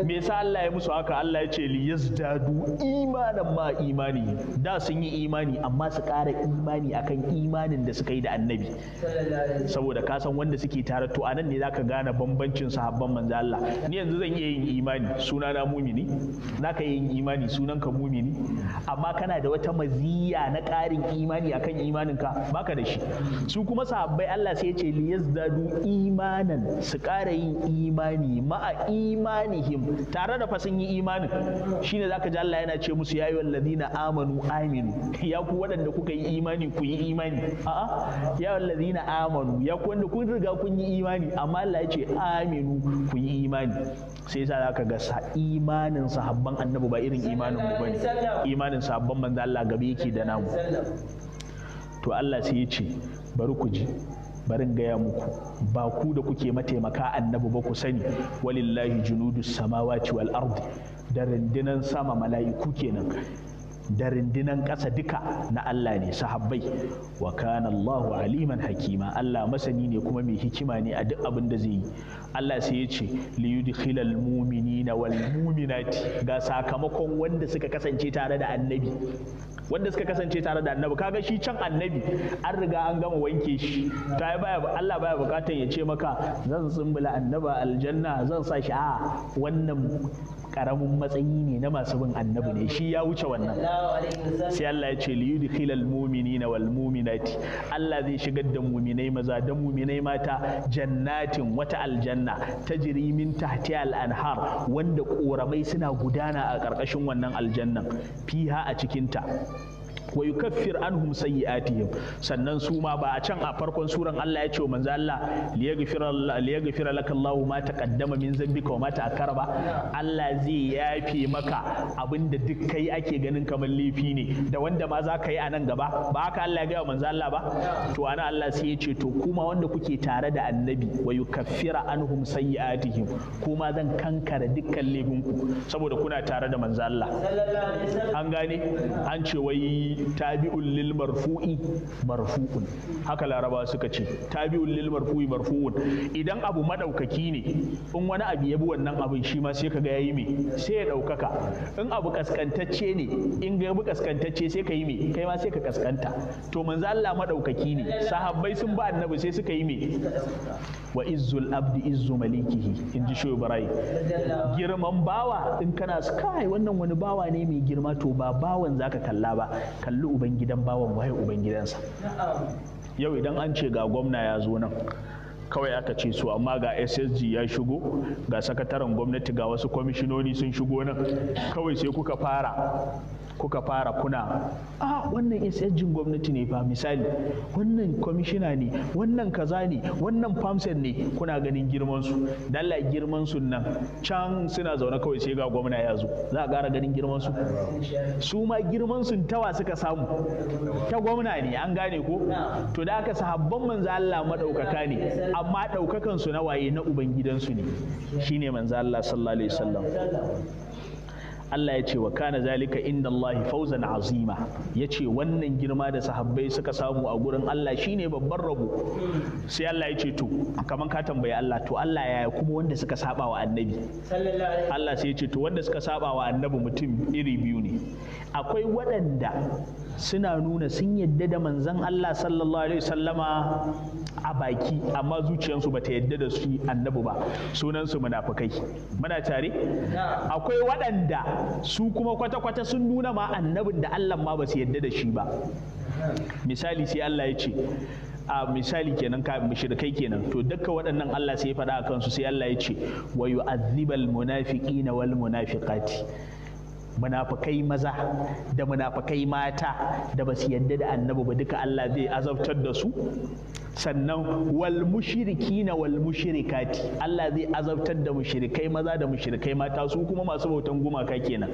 me yasa Allah ya musu haka Allah ya ce li yazdadu imanan ma imani da sun yi imani amma su ƙara imani akan imanin da suka yi da annabi saboda ka san wanda suke tare to anan ne zaka gane bambancin sahabban manzon Allah ni yanzu zan iya yin imani sunana mumini Na yin imani sunanka mumini amma kana da wata maziya na ƙarin imani akan imaninka baka da shi su kuma sahabbai Allah sai ya ce li yazdadu imanan su ƙara yin imani ma'a imanihim tare da fasin sun yi imanin shine zaka ji Allah yana ce musu ya ladina amanu aminu ya ku waɗanda kuka yi imani ku yi imani a'a ya ladina amanu ya ku wanda kun riga kun yi imani amma Allah ya ce aminu ku yi imani sai yasa zaka ga imanin sahabban annabi ba irin imanin mu bane imanin sahabban manzo Allah gabe yake da namu to Allah sai ya ce bari ku ji barin gaya muku ba ku da kuke mataimaka annabi ba ku sani walillahi junudu samawati wal ardi da rindinan sama mala'iku kenan da rindinan ƙasa duka na Allah ne sahabbai wa kana aliman hakima Allah masani ne kuma mai hikima ne a duk abin da zai yi Allah sai ya ce li yudkhilal mu'minina wal mu'minati ga sakamakon wanda suka kasance tare da annabi wanda suka kasance tare da annabi kaga shi can annabi an riga an gama wanke shi ta baya Allah baya bukatan ya ce maka zan tsumbula annaba aljanna zan sa shi a wannan karamin matsayi ne na masu bin annabi ne shi ya wuce wannan sai Allah ya ce li yudkhilal mu'minina wal mu'minati Allah zai shigar da mu'minai maza da mu'minai mata jannatin wata aljanna tajri min tahti al anhar wanda koramai suna gudana a karkashin wannan aljannan fiha a cikinta wa yukaffir anhum sayyi'atihim sannan su ma ba a can a farkon suran Allah ya ce manzo Allah liyaghfira lak Allahu ma taqaddama min zambika wa ma ta'akkara ba Allah zai yafe maka abinda duk kai ake ganin kamar laifi ne da wanda ma za ka yi a nan gaba ba haka Allah ya ga manzo Allah ba to ana Allah sai ya ce to kuma wanda kuke tare da annabi wa yukaffir anhum sayyi'atihim kuma zan kankara dukkan laifinku saboda kuna tare da manzo Allah an gane an ce wai tabi'un lil marfu'i marfu'un haka laraba suka ce tabi'un lil marfu'i marfu'un idan abu madaukaki ne in wani abu ya wannan abin shi ma sai ka ga yayi me sai ya daukaka in abu kaskantacce ne in ga yabi kaskantacce sai ka yi me kai ma sai ka kaskanta to manzo Allah madaukaki ne sahabbai sun ba annabi sai suka yi me wa izzul abdi izzu malikihi in ji shoyi barai girman bawa in kana kai wannan wani bawa ne mai girma to ba bawan zaka kalla ba kalli ubangidan bawan waye ubangidansa yau idan an ce ga gwamna ya zo nan kawai aka ce su amma ga ssg ya shigo ga sakataren gwamnati ga wasu kwamishinoni sun shigo nan kawai sai kuka fara kuka fara kuna a wannan SSG gwamnati ne fa misali wannan kwamishina ne wannan kaza ne wannan famsen ne kuna ganin girmansu? su dalla girman nan can suna zaune kawai sai ga gwamna ya zo za a ƙara ganin girman su ma girman tawa suka samu ta gwamna ne an gane ko to da aka sahabban manzo Allah madaukaka ne amma daukakan su na waye na ubangidansu ne shine manzo Allah sallallahu alaihi wasallam Allah ya ce wa kana zalika inda Allah fauzan azima ya ce wannan girma da sahabbai suka samu a gurin Allah shine babban rabo sai Allah ya ce to kaman ka tambayi Allah to Allah ya kuma wanda suka saba wa annabi Allah sai ya ce to wanda suka saba wa annabi mutum iri biyu ne akwai waɗanda suna nuna sun yadda da manzan Allah sallallahu alaihi wasallama a baki amma zuciyarsu bata yadda da su annabu ba sunansu munafukai muna tare akwai waɗanda su kuma kwata-kwata sun nuna ma annabin da Allah ma ba su yadda da shi ba misali sai Allah ya ce a misali kenan ka mushrikai kenan to dukkan waɗannan Allah sai ya faɗa a kansu sai Allah ya ce wa yu'adhibal munafiqina wal munafiqati munafukai maza da munafukai mata da ba su yadda da annabi ba duka Allah zai azabtar da su sannan wal na wal Allah zai azabtar da mushirikai maza da mushirikai mata su kuma masu bautan gumaka kenan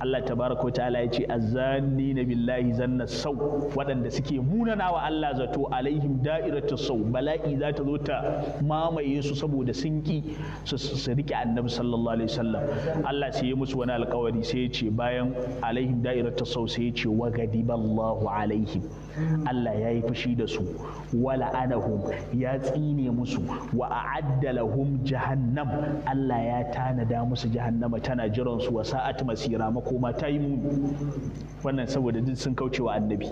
Allah tabaraka wa ta'ala ya ce azani na billahi zanna sau waɗanda suke munana wa Allah zato alaihim da'iratu sau bala'i za ta zo ta mamaye su saboda sun ki su rike annabi sallallahu alaihi wasallam Allah sai ya musu wani alkawari sai ya ce bayan alaihim da'iratu sau sai ya ce wa gadiballahu alaihim Allah ya yi fushi da su wala anahum ya tsine musu wa a'addalahum jahannam Allah ya tanada musu jahannama tana jiran su wa sa'at masira makoma ta yi muni wannan saboda duk sun kauce wa annabi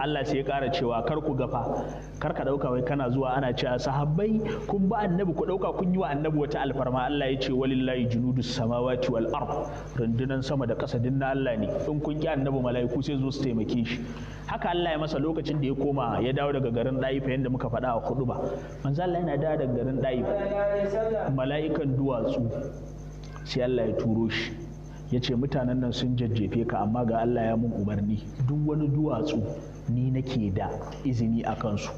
Allah sai ya kara cewa kar ku gafa kar ka dauka wai kana zuwa ana cewa sahabbai kun ba annabi ku dauka kun yi wa annabi wata alfarma Allah ya ce walillahi junudus samawati wal ard rundunan sama da ƙasa din na Allah ne in kun ki annabi mala'iku sai zo su taimake shi haka Allah ya masa lokacin da ya koma ya dawo daga garin ɗaifa yadda muka faɗa a hudu ba manzo Allah yana dawo daga garin ɗaifa mala'ikan duwatsu sai Allah ya turo shi ya ce mutanen nan sun jajjefe ka amma ga Allah ya mun umarni duk wani duwatsu ni nake da izini a kansu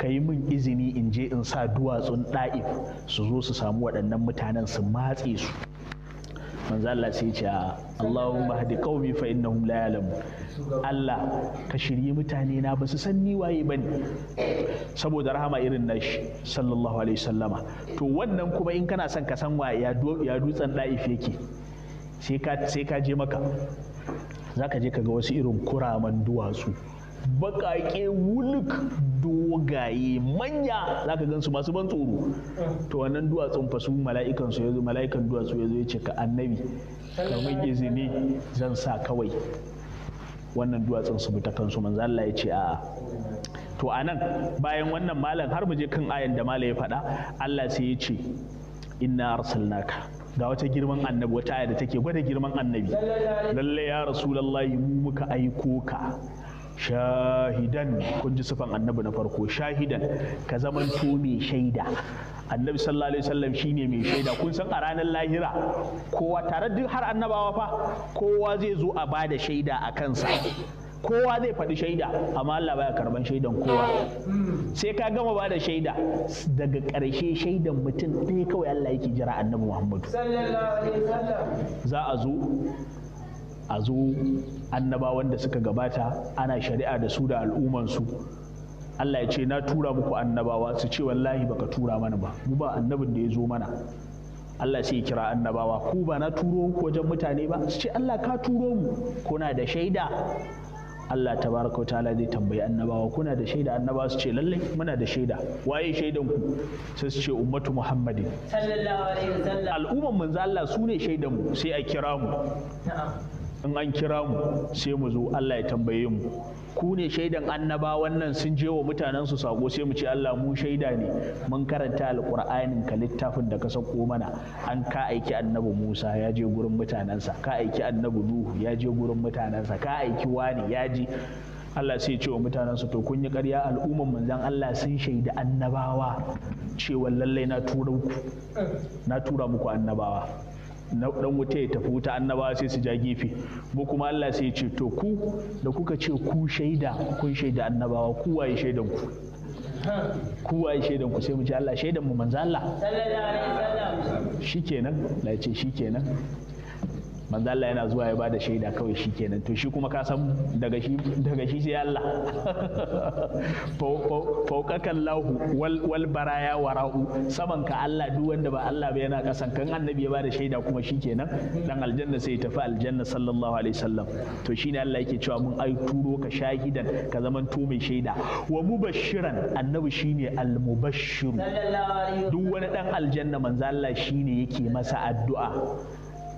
ka yi min izini in je in sa duwatsun ɗa'if su zo su samu waɗannan mutanen su matse su manzo Allah sai ce Allahumma hadi qaumi fa innahum la ya'lamun Allah ka shirye mutane na ba su san ni waye bane saboda rahama irin nashi sallallahu alaihi wasallama to wannan kuma in kana son ka san wa ya dutsen da'if yake sai ka je maka za ka je ka ga wasu irin kuraman duwatsu baƙaƙe wuluk dogaye manya za ka gansu masu ban tsoro to wannan duwatsun fa su mala'ikan su yazo mala'ikan duwatsu yazo ya ce ka annabi kamar izini zan sa kawai wannan duwatsun su bi ta kansu manzo Allah ya ce a to a nan bayan wannan malam har mu je kan ayan da malam ya faɗa Allah sai ya ce inna arsalnaka ga wata girman annabi wata aya da take gwada girman annabi lalle ya rasulullahi mu muka aiko ka shahidan kun ji sifan annabi na farko shahidan ka zamanto mai shaida annabi sallallahu alaihi wasallam shine mai shaida kun san a ranar lahira kowa tare duk har annabawa fa kowa zai zo a bada shaida a kansa kowa zai faɗi shaida amma Allah baya karban shaidan kowa sai ka gama ba da shaida daga ƙarshe shaidan mutum ɗaya kawai Allah yake jira annabi Muhammadu za a zo a zo annabawan da suka gabata ana shari'a da su da al'ummansu Allah ya ce na tura muku annabawa su ce wallahi baka tura mana ba mu ba annabin da ya zo mana Allah sai ya kira annabawa ku ba na turo ku wajen mutane ba su ce Allah ka turo mu kuna da shaida Allah tabaraka ta'ala zai tambayi annabawa kuna da shaida annabawa su ce lalle muna da shaida waye shaidan ku sai su ce ummatu muhammadin sallallahu alaihi wasallam al'umman manzo Allah su ne shaidan mu sai a kira mu in an kira mu sai mu zo Allah ya tambaye mu ku ne shaidan annaba wannan sun je wa mutanen su sako sai mu ce Allah mu shaida ne mun karanta alqur'anin ka littafin da ka sako mana an ka aiki annabi Musa ya je gurin mutanensa ka aiki annabi Nuhu ya je gurin mutanensa ka aiki wani ya je Allah sai ce wa mutanensu to kun yi ƙarya al'umman manzan Allah sun shaida annabawa cewa lallai na tura muku na tura muku annabawa na dan wuta ya tafi wuta annabawa sai su ja gefe mu kuma Allah sai ya ce to ku da kuka ce ku shaida kun shaida annabawa ku waye shaidan ku ku waye shaidan ku sai mu ce Allah shaidan mu manzo Allah shikenan la ce shikenan manzo Allah yana zuwa ya bada shaida kawai shikenan to shi kuma ka san daga shi daga shi sai Allah fauqakan lahu wal wal baraya wara'u saman ka Allah duk wanda ba Allah ba yana kasan kan annabi ya bada shaida kuma shikenan dan aljanna sai ya tafi aljanna sallallahu alaihi wasallam to shine Allah yake cewa mun ai turo ka shahidan ka zaman to mai shaida wa mubashiran annabi shine al-mubashshiru duk wani dan aljanna manzo Allah shine yake masa addu'a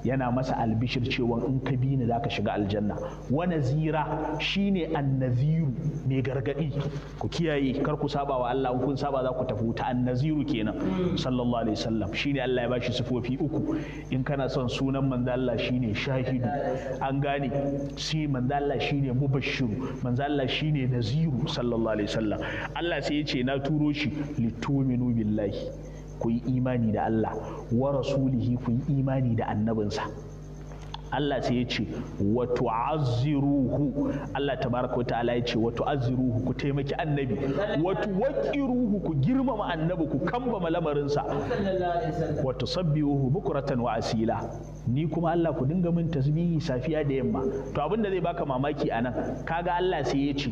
yana masa albishir cewa in ka bi ni zaka shiga aljanna wa nazira shine annaziru mai gargadi ku kiyaye kar ku saba wa Allah kun saba za ku tafi wuta annaziru kenan sallallahu alaihi wasallam shine Allah ya bashi sifofi uku in kana son sunan manzo Allah shine shahidu an gane shi manzo Allah shine mubashiru manzo Allah shine naziru sallallahu alaihi wasallam Allah sai ya ce na turo shi lituminu billahi ku yi imani da Allah wa rasulihi ku yi imani da annabinsa Allah sai ya ce wa tu'azziruhu Allah tabaraka wa ta'ala ya ce wa tu'azziruhu ku taimaki annabi wa tuwaqqiruhu ku girmama annabi ku kambama lamarinsa wa tusabbihuhu bukratan wa asila ni kuma Allah ku dinga min tasbihi safiya da yamma to abinda zai baka mamaki anan kaga Allah sai ya ce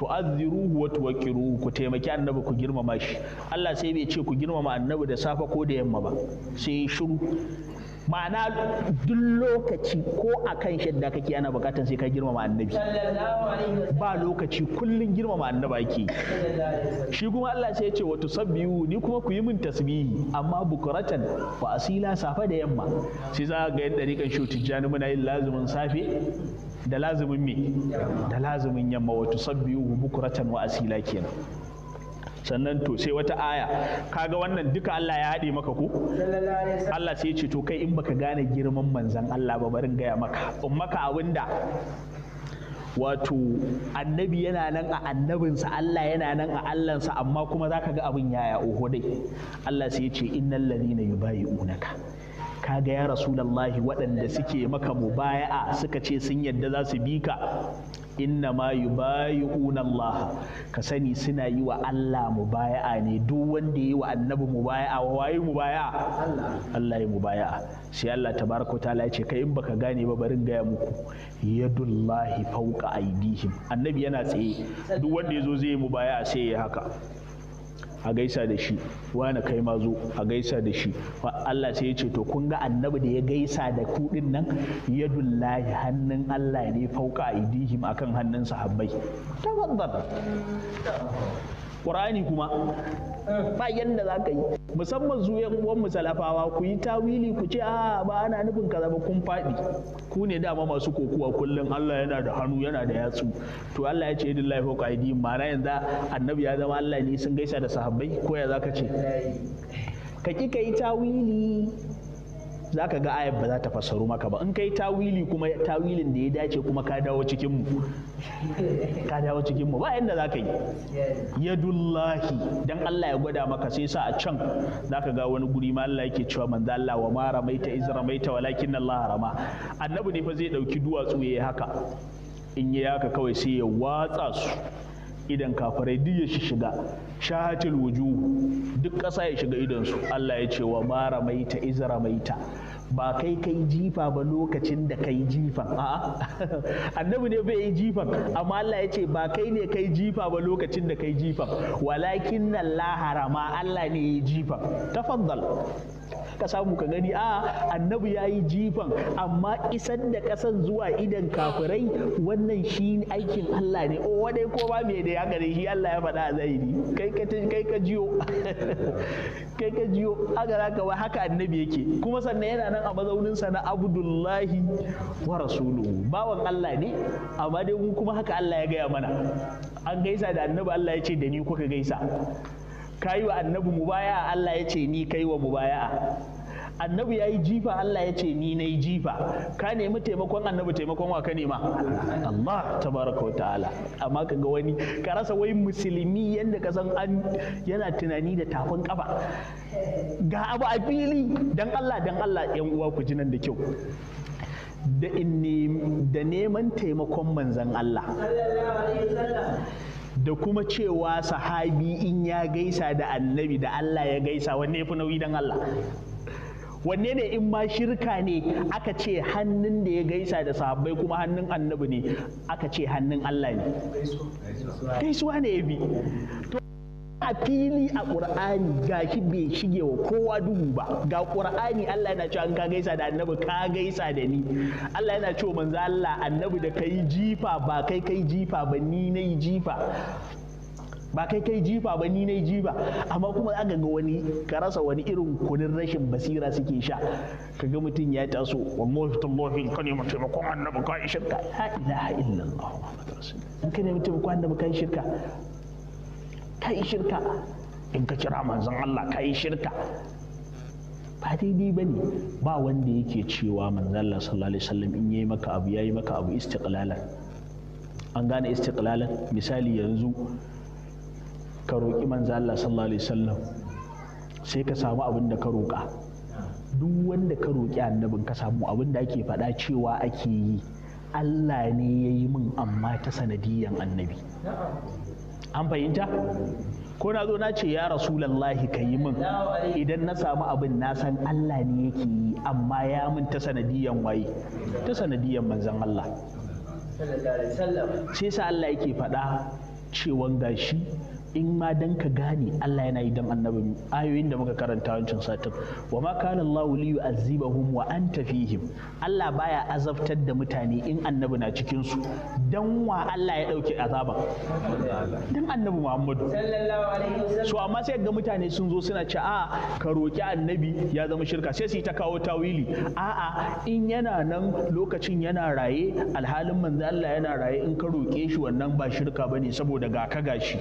tu'azziruhu wa tuwaqqiruhu ku taimaki annabi ku girmama shi Allah sai bai ce ku girmama annabi da safa ko da yamma ba sai shiru ma'ana duk lokaci ko a kan shadda kake ana bukatan sai ka girmama annabi ba lokaci kullum girmama annabi ake shi kuma Allah sai ya ce wato sabbiyu ni kuma ku yi min tasbihi amma bukuratan fa asila safa da yamma sai za ga yadda ni kan shi tijjani muna yin lazumin safe da lazumin me da lazumin yamma wato sabbihu bukuratan wa asila kenan sannan to sai wata aya kaga wannan duka Allah ya haɗe maka ko Allah sai ce to kai in baka gane girman manzan Allah ba barin gaya maka in abinda wato annabi yana nan a annabinsa Allah yana nan a Allahnsa amma kuma zaka ga abin yaya oho dai Allah sai ya ce innal ladina yubayi'unaka Ka ga ya rasulallahi waɗanda suke maka mubaya'a suka ce sun yadda za su bi ka inna ma yubayi'una Allah ka sani suna yi wa Allah mubaya'a ne duk wanda yi wa annabi mubaya'a wa waye mubaya'a Allah ya mubaya'a sai Allah tabaraka ta'ala ya ce kai in baka gane ba barin gaya muku yadullahi fauka aidihim annabi yana tsaye duk wanda yazo zai mubaya'a sai ya haka a gaisa da shi wani kai ma zo a gaisa da shi Allah sai ya ce to kun ga annabi da ya gaisa da ku din nan yadullahi hannun Allah ne fauka aidihim akan hannun sahabbai ƙur'ani kuma ba yadda za ka yi musamman su yan uwan musalafawa ku yi tawili ku ce a ba ana nufin kaza ba kun faɗi ku ne dama masu kokuwa kullum Allah yana da hannu yana da yatsu to Allah ya ce idin laifin ƙa'idi yanzu annabi ya zama Allah ne sun gaisa da sahabbai ko ya za ce ka ƙi ka yi tawili za ka ga ayat ba za ta fassaru maka ba in kai tawili kuma tawilin da ya dace kuma ka dawo cikin mu ka dawo cikin mu ba yanda za ka yi yadullahi dan Allah ya gwada maka sai sa a can za ka ga wani guri ma Allah yake cewa manzo Allah wa ma ramaita iz ramaita walakin Allah rama annabi ne fa zai dauki duwatsu yayi haka in yi haka kawai sai ya watsa su idan kafirai duk ya shiga shahatul wuju duk ƙasa ya shiga idansu Allah ya ce wa ma ramaita izra ramaita ba kai kai jifa ba lokacin da kai jifan a'a annabi ne bai yi jifan amma Allah ya ce ba kai ne kai jifa ba lokacin da kai jifan walakin Allah harama Allah ne ya jifa tafaddal ka samu ka gani a annabi ya yi jifan amma isan da kasan zuwa idan kafirai wannan shi aikin Allah ne o wadai ko ba me da ya gare shi Allah ya faɗa a zahiri kai ka kai ka jiyo kai ka jiyo haka zaka ba haka annabi yake kuma sannan yana nan a mazaunin sa na Abdullahi wa rasuluhu bawan Allah ne amma dai kuma haka Allah ya gaya mana an gaisa da annabi Allah ya ce da ni kuka gaisa kayi wa annabi mubaya'a Allah ya ce ni kai wa mubaya'a annabi ya yi jifa Allah ya ce ni na yi jifa ka nemi taimakon annabi taimakon wa ka nema Allah tabaraka wa ta'ala amma kaga wani ka rasa wai musulmi yadda ka san an yana tunani da tafin kafa ga abu a fili dan Allah dan Allah yan uwa ku ji nan da kyau da neman taimakon manzan Allah da kuma cewa sahabi in ya gaisa da annabi da Allah ya gaisa wanne ya fi nauyi dan Allah wanne ne in ma shirka ne aka ce hannun da ya gaisa da sahabbai kuma hannun annabi ne aka ce hannun Allah ne gaisuwa ne ya bi a fili a ƙur'ani gashi bai shige wa kowa duhu ba ga ƙur'ani Allah yana cewa an ka gaisa da annabi ka gaisa da ni Allah yana cewa manzo Allah annabi da kai jifa ba kai kai jifa ba ni nayi jifa ba kai kai jifa ba ni nayi jifa amma kuma aka ga wani ka rasa wani irin kunin rashin basira suke sha ka ga mutum ya taso wallahi tallahi kan mutum ko annabi ka shirka la ilaha illallah muhammadur rasulullah kan yi mutum ko annabi ka shirka ka yi shirka in ka kira manzon Allah ka yi shirka ba daidai ba ne ba wanda yake cewa manzon Allah sallallahu alaihi wasallam in yayi maka abu yayi maka abu istiqlalan an gane istiqlalan misali yanzu ka roƙi manzon Allah sallallahu alaihi wasallam sai ka samu abin da ka roƙa duk wanda ka roki annabin ka samu abin da ake faɗa cewa ake yi Allah ne ya yi min amma ta sanadiyan annabi an fahimta ko na zo na ce ya rasulallahi ka yi min idan na samu abin na san Allah ne yake yi amma ya min ta sanadiyan waye ta sanadiyan manzon Allah sai sa Allah yake faɗa cewan gashi in ma dan ka gane Allah yana yi dan annabi ayoyin da muka karanta wancan satin wa ma kana Allahu li yu'azibahum wa anta fihim Allah baya azabtar da mutane in annabi na cikin su dan wa Allah ya dauke azaba dan annabi Muhammadu sallallahu alaihi wasallam so amma sai ga mutane sun zo suna ce a ka roki annabi ya zama shirka sai su yi ta kawo tawili a'a in yana nan lokacin yana raye alhalin manzo Allah yana raye in ka roke shi wannan ba shirka bane saboda ga ka gashi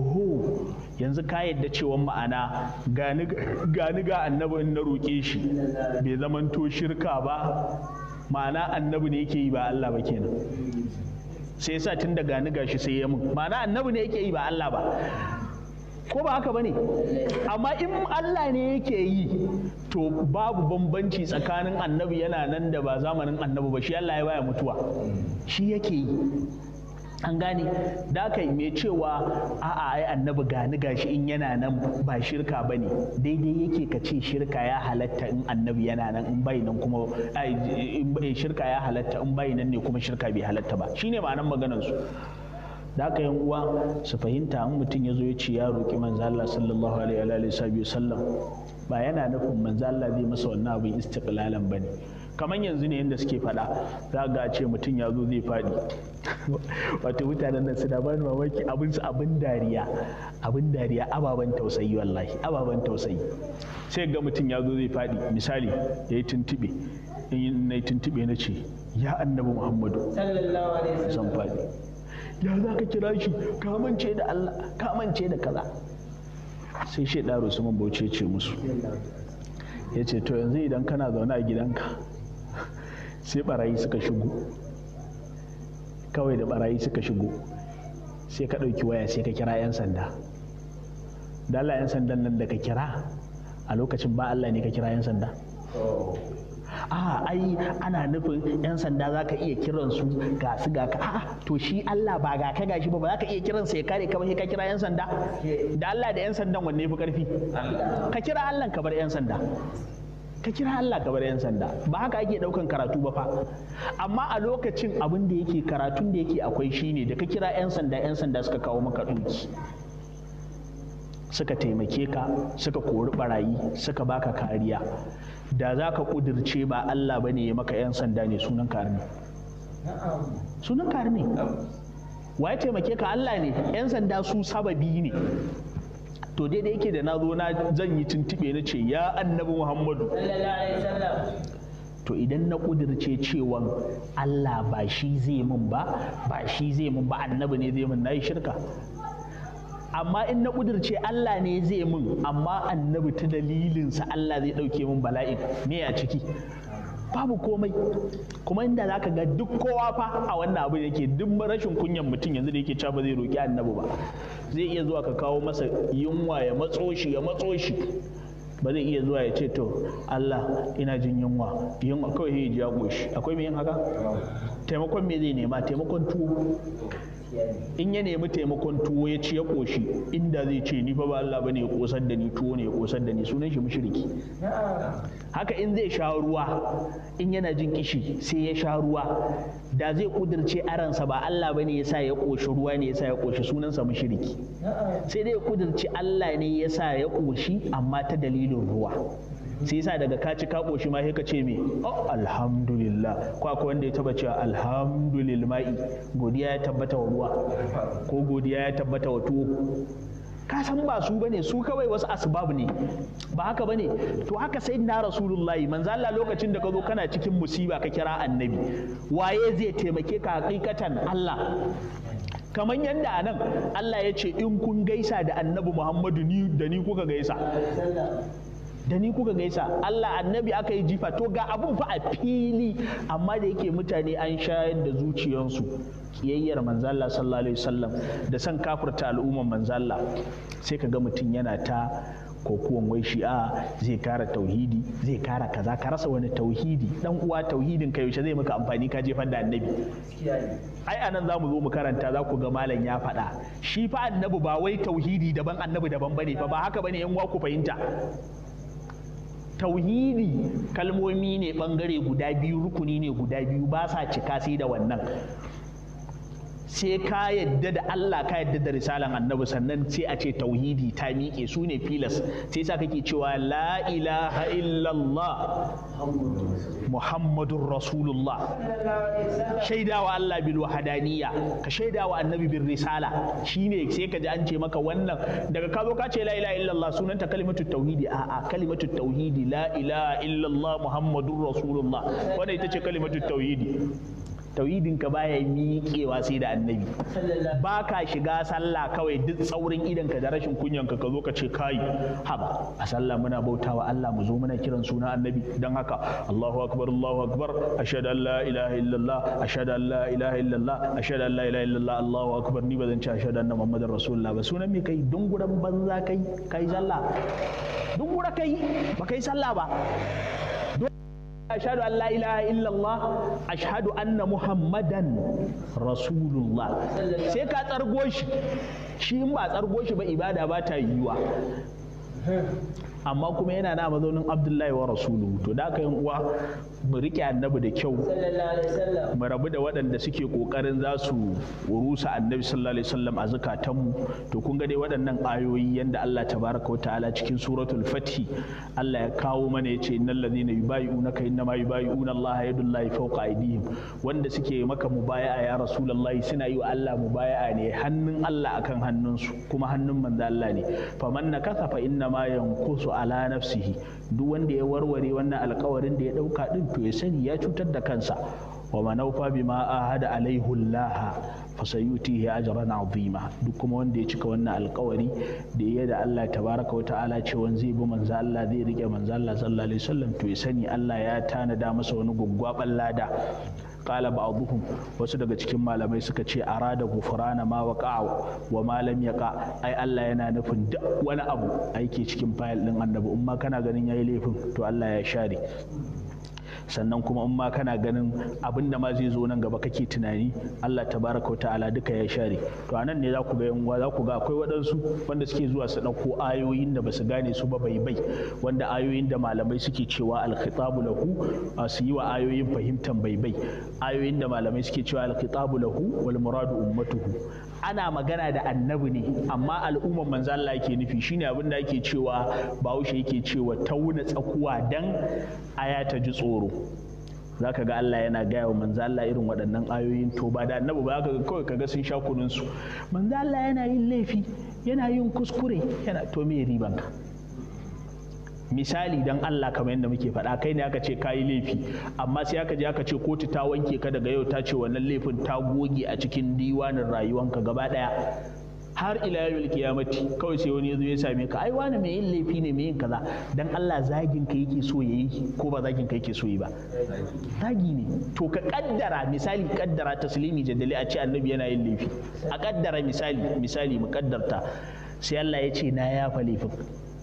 hu yanzu ka yadda cewa ma'ana gani ga annabi in na roƙe shi bai zamanto shirka ba ma'ana annabi ne yake yi ba Allah ba kenan sai yasa tun da gani gashi sai ya mun ma'ana annabi ne yake yi ba Allah ba ko ba haka bane amma in Allah ne yake yi to babu bambanci tsakanin annabi yana nan da ba zamanin annabi ba shi Allah ya baya mutuwa shi yake yi an gane da aka mai cewa a'a ai annabi gani gashi in yana nan ba shirka ba ne daidai yake ka ce shirka ya halatta in annabi yana nan in bai nan kuma shirka ya halatta in bai nan ne kuma shirka bai halatta ba shine ma'anar maganar su da aka yi uwa su fahimta an mutum ya zo ya ce ya roƙi manzo Allah sallallahu alaihi wa sallam ba yana nufin manzo Allah zai masa wannan abin istiqlalan bane kamar yanzu ne yadda suke fada za ga ce mutum ya zo zai fadi wato mutanen nan suna bani mamaki abin su abin dariya abin dariya ababen tausayi wallahi ababen tausayi sai ga mutum ya zo zai fadi misali ya yi tuntuɓe in na yi tuntuɓe na ce ya annabi muhammadu zan fadi ya za ka kira shi kamance da allah kamance da kaza sai shaidaru su man bauchi ce musu ya ce to yanzu idan kana zaune a gidanka sai barayi suka shigo kawai da barayi suka shigo sai ka ɗauki waya sai ka kira 'yan sanda dala 'yan sandan nan da ka kira a lokacin ba Allah ne ka kira 'yan sanda oh. a ah, ai ana nufin 'yan sanda za ka iya kiransu ga su ga ka a ah, to shi Allah ba ga ka gashi ba ba za ka iya kiransa ya kare ka ba sai ka kira 'yan sanda da Allah da 'yan sandan wanne fi karfi ka kira Allah ka bar 'yan sanda ka kira Allah ka bar 'yan sanda ba haka ake daukan karatu ba fa amma a lokacin abin da yake karatun da yake akwai shine da ka kira 'yan sanda 'yan sanda suka kawo maka ɗuki suka taimake ka suka kori barayi suka baka kariya da za ka kudirce ba Allah ba ne ya maka 'yan sanda ne sunan karmi sunan karmi waye taimake ka Allah ne 'yan sanda su sababi ne to da yake da nazo na zan yi tuntuɓe na ce ya annabi muhammadu to idan na kudirce cewan allah ba shi zai min ba ba shi zai min ba annabi ne zai min na yi shirka amma in na kudirce allah ne zai min amma annabi ta dalilinsa allah zai ɗauke min bala'i me a ciki babu komai kuma inda za ka ga duk kowa fa a wannan abu yake duk rashin kunyan mutum yanzu da yake ca ba zai roƙi annabi ba zai iya zuwa ka kawo masa yunwa ya matso shi ya matso shi ba zai iya zuwa ya ce to Allah ina jin yunwa yunwa kawai ya ji ya akwai mai yin haka taimakon me zai nema taimakon tuwo in ya nemi taimakon tuwo ya ci ya koshi inda zai ce ni fa ba Allah bane ya kosar da ni tuwo ne ya kosar da ni sunan shi mushriki haka in zai sha ruwa in yana jin kishi sai ya sha ruwa da zai kudirce aransa ba Allah bane ya sa ya koshi ruwa ne ya sa ya koshi sunan sa mushriki sai dai ya kudirce Allah ne ya sa ya ƙoshi amma ta dalilin ruwa sai yasa daga ka ci ka koshi ma sai ka ce me oh alhamdulillah ko akwai wanda ya taba cewa alhamdulillah godiya ya tabbata wa ruwa ko godiya ya tabbata wa tuwo ka san ba su bane su kawai wasu asbab ne ba haka bane to haka sai na rasulullahi manzo Allah lokacin da ka zo kana cikin musiba ka kira annabi waye zai taimake ka hakikatan Allah kamar yadda anan Allah ya ce in kun gaisa da annabi Muhammadu ni da ni kuka gaisa da ni kuka gaisa Allah annabi aka yi jifa to ga abun fa a fili amma da yake mutane an shayar da zuciyansu kiyayyar manzalla sallallahu alaihi wasallam da san kafurta al'umman manzalla sai ka ga mutum yana ta ko kuwan wai shi'a zai kara tauhidi zai kara kaza ka rasa wani tauhidi dan uwa tauhidin ka yaushe zai maka amfani ka jefar da annabi ai anan zamu zo mu karanta za ku ga malam ya faɗa shi fa annabi ba wai tauhidi daban annabi daban bane fa ba haka bane yan uwa ku fahimta tauhidi kalmomi ne bangare guda biyu rukuni ne guda biyu ba sa cika sai da wannan sai ka yadda da Allah ka yadda da risalan annabi sannan sai a ce tauhidi ta miƙe su ne filas sai sa kake cewa la ilaha illallah muhammadun rasulullah shaidawa Allah bil wahadaniya ka shaidawa annabi bil risala shine sai ka ji an ce maka wannan daga ka zo ka ce la ilaha illallah sunanta kalimatu tauhidi a a kalimatu tauhidi la ilaha illallah muhammadun rasulullah wannan ita ce kalimatu tauhidi tauhidin ka baya miƙewa sai da annabi ba ka shiga sallah kawai duk tsaurin idan ka da rashin kunyan ka zo ka ce kai haba a sallah muna bautawa Allah mu zo muna kiran suna annabi dan haka Allahu akbar Allahu akbar ashhadu an la ilaha illallah ashhadu an la ilaha illallah ashhadu an la ilaha illallah Allahu akbar ni bazan ci ashhadu anna muhammadar rasulullah ba sunan me kai dunguran banza kai kai sallah dungura kai ba kai sallah ba ashhadu an la ilaha illallah ashhadu anna muhammadan rasulullah sai ka tsargo shi in ba tsargo shi ba ibada bata ta yiwuwa amma kuma yana na mazaunin abdullahi wa rasulu to da aka uwa mu rike annabi da kyau mu rabu da waɗanda suke ƙoƙarin za su rusa annabi sallallahu alaihi wasallam a zukatanmu to kun ga dai waɗannan ayoyi yanda Allah tabaraka wa ta'ala cikin suratul fathi Allah ya kawo mana yace innal ladhina yubayyi'unaka innama yubayyi'una Allah yadullahi fawqa aydihim wanda suke maka mubaya'a ya rasulullahi suna yi wa Allah mubaya'a ne hannun Allah akan hannunsu kuma hannun manzo Allah ne faman nakatha fa innama yanqusu ala nafsihi duk wanda ya warware wannan alkawarin da ya dauka din to ya sani ya cutar da kansa wa manaufa bima ahada alaihu Allah fa sayutihi ajran azima duk kuma wanda ya cika wannan alkawari da ya da Allah tabaraka wa ta'ala cewa zai bi manzo Allah zai rike manzo Allah sallallahu alaihi wasallam to ya sani Allah ya tanada masa wani gwaggwaban lada qala ba'dhum wasu daga cikin malamai suka ce arada gufrana ma waqa'a wa ma lam yaqa ai Allah yana nufin duk wani abu aiki cikin fayil din annabi in ma kana ganin yayi laifin to Allah ya share sannan kuma in ma kana ganin abin da ma zai zo nan gaba kake tunani Allah ta tabaraka ta'ala duka ya share to anan ne za ku ga yanwa za ku ga akwai waɗansu wanda suke zuwa su ɗauko ayoyin da ba su gane su ba bai bai wanda ayoyin da malamai suke cewa alkhitabu lahu su yi wa ayoyin fahimtan bai bai ayoyin da malamai suke cewa alkhitabu lahu wal muradu ummatuhu ana magana da annabi ne amma al'umman manzo Allah yake nufi shine abin da yake cewa bahaushe yake cewa tauna tsakuwa dan aya ta ji tsoro zaka ga Allah yana gaya wa manzo Allah irin waɗannan ayoyin ba da annabi ba ka kawai kaga sun sha kunun su manzo Allah yana yin laifi yana yin kuskure yana to me riban misali dan Allah kamar yadda muke faɗa kai ne aka ce kayi laifi amma sai aka je aka ce kotu ta wanke ka daga yau ta ce wannan laifin ta goge a cikin diwanin rayuwanka gaba ɗaya har ila yau kiyamati kawai sai wani yazo ya same ka ai wani mai yin laifi ne mai yin kaza dan Allah zagin ka yake so yayi ko ba zagin ka yake so yi ba zagi ne to ka kaddara misali kaddara taslimi jaddali a ce annabi yana yin laifi a kaddara misali misali mu kaddarta sai Allah ya ce na yafa laifin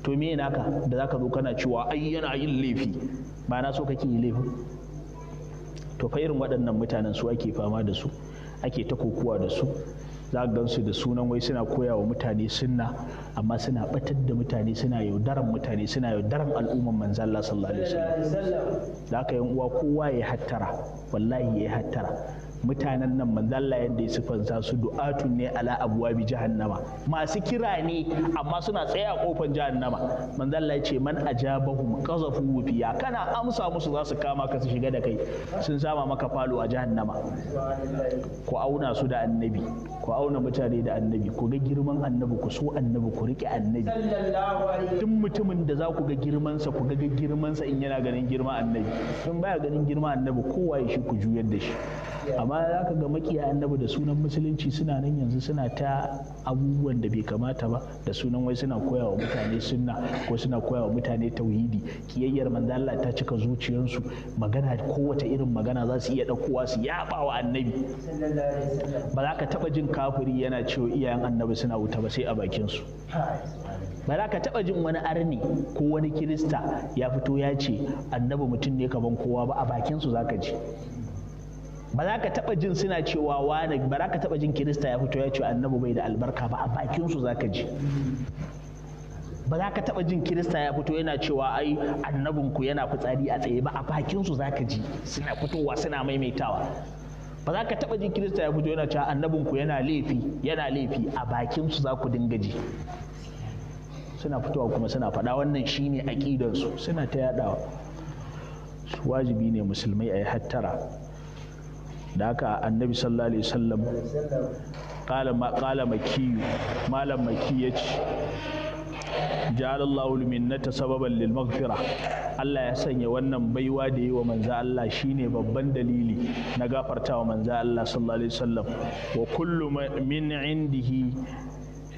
to me naka da zaka zo kana cewa ai yana yin laifi ba na so kake yi laifi to fa irin waɗannan mutanen su ake fama da su ake ta kokuwa da su za ka su da sunan wai suna koya wa mutane sunna amma suna batar da mutane suna yaudaran mutane suna yaudaran al'umman manzan Allah sallallahu alaihi da aka yan uwa kowa ya hattara wallahi ya hattara mutanen nan manzalla yadda ya fansa su du'atun ne ala abuwa bi jahannama masu kira ne amma suna tsaye a kofar jahannama manzalla ya ce man ajabahum qazafu wufiya kana amsa musu za su kama ka su shiga da kai sun sama maka falo a jahannama ku auna su da annabi ku auna mutane da annabi ku ga girman annabi ku so annabi ku rike annabi duk mutumin da za ku ga girmansa ku ga girmansa in yana ganin girma annabi in baya ganin girma annabi kowa ya shi ku juyar da shi amma za ka ga makiya annabi da sunan musulunci suna nan yanzu suna ta abubuwan da bai kamata ba da sunan wai suna koya wa mutane sunna ko suna koya wa mutane tauhidi kiyayyar manzo Allah ta cika zuciyarsu magana kowace irin magana za su iya ɗaukowa su yaba wa annabi ba za ka taɓa jin kafiri yana cewa iyayen annabi suna wuta ba sai a bakin su ba za ka taɓa jin wani arni ko wani kirista ya fito ya ce annabi mutum ne kaman kowa ba a bakin su za ka ji ba za ka taɓa jin suna cewa wani ba za ka taba jin kirista ya fito ya ce annabi bai da albarka ba a bakinsu za ka ji ba za ka taɓa jin kirista ya fito yana cewa ai annabinku yana fitsari a tsaye ba a bakinsu za ka ji suna fitowa suna maimaitawa ba za ka taɓa jin kirista ya fito yana cewa annabinku yana laifi yana laifi a bakinsu za ku dinga ji suna fitowa kuma suna faɗa wannan shine aƙidarsu suna ta yaɗawa wajibi ne musulmai a yi hattara da haka annabi sallallahu alaihi wasallam qala maki malam maki yace ja'alallahu minnata sababan lil maghfira Allah ya sanya wannan baiwa da yi wa manzo Allah shine babban dalili na gafartawa manzo Allah sallallahu alaihi wasallam wa kullu min indihi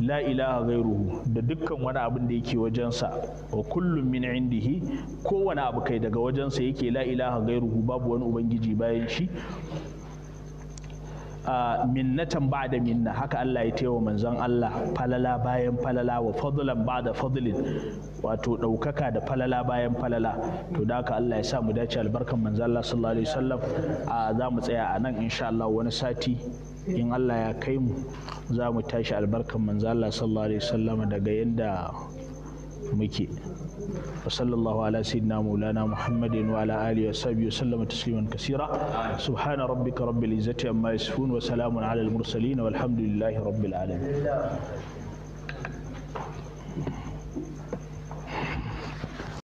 la ilaha gairuhu da dukkan wani abin da yake wajensa wa kullum min indihi kowane abu kai daga wajensa yake la ilaha gairuhu babu wani ubangiji bayan shi minnatan ba da minna haka Allah ya taiwa manzon Allah falala bayan falala wa fadlan ba da fadlin wato ɗaukaka da falala bayan falala to da haka Allah ya sa mu dace albarkan manzon Allah sallallahu alaihi wasallam za mu tsaya a nan insha Allah wani sati in Allah ya kai mu za mu tashi albarkan manzon Allah sallallahu alaihi wasallam daga yanda muke وصلى الله على سيدنا مولانا محمد وعلى آله وصحبه وسلم تسليما كثيرا سبحان ربك رب العزة عما يصفون وسلام على المرسلين والحمد لله رب العالمين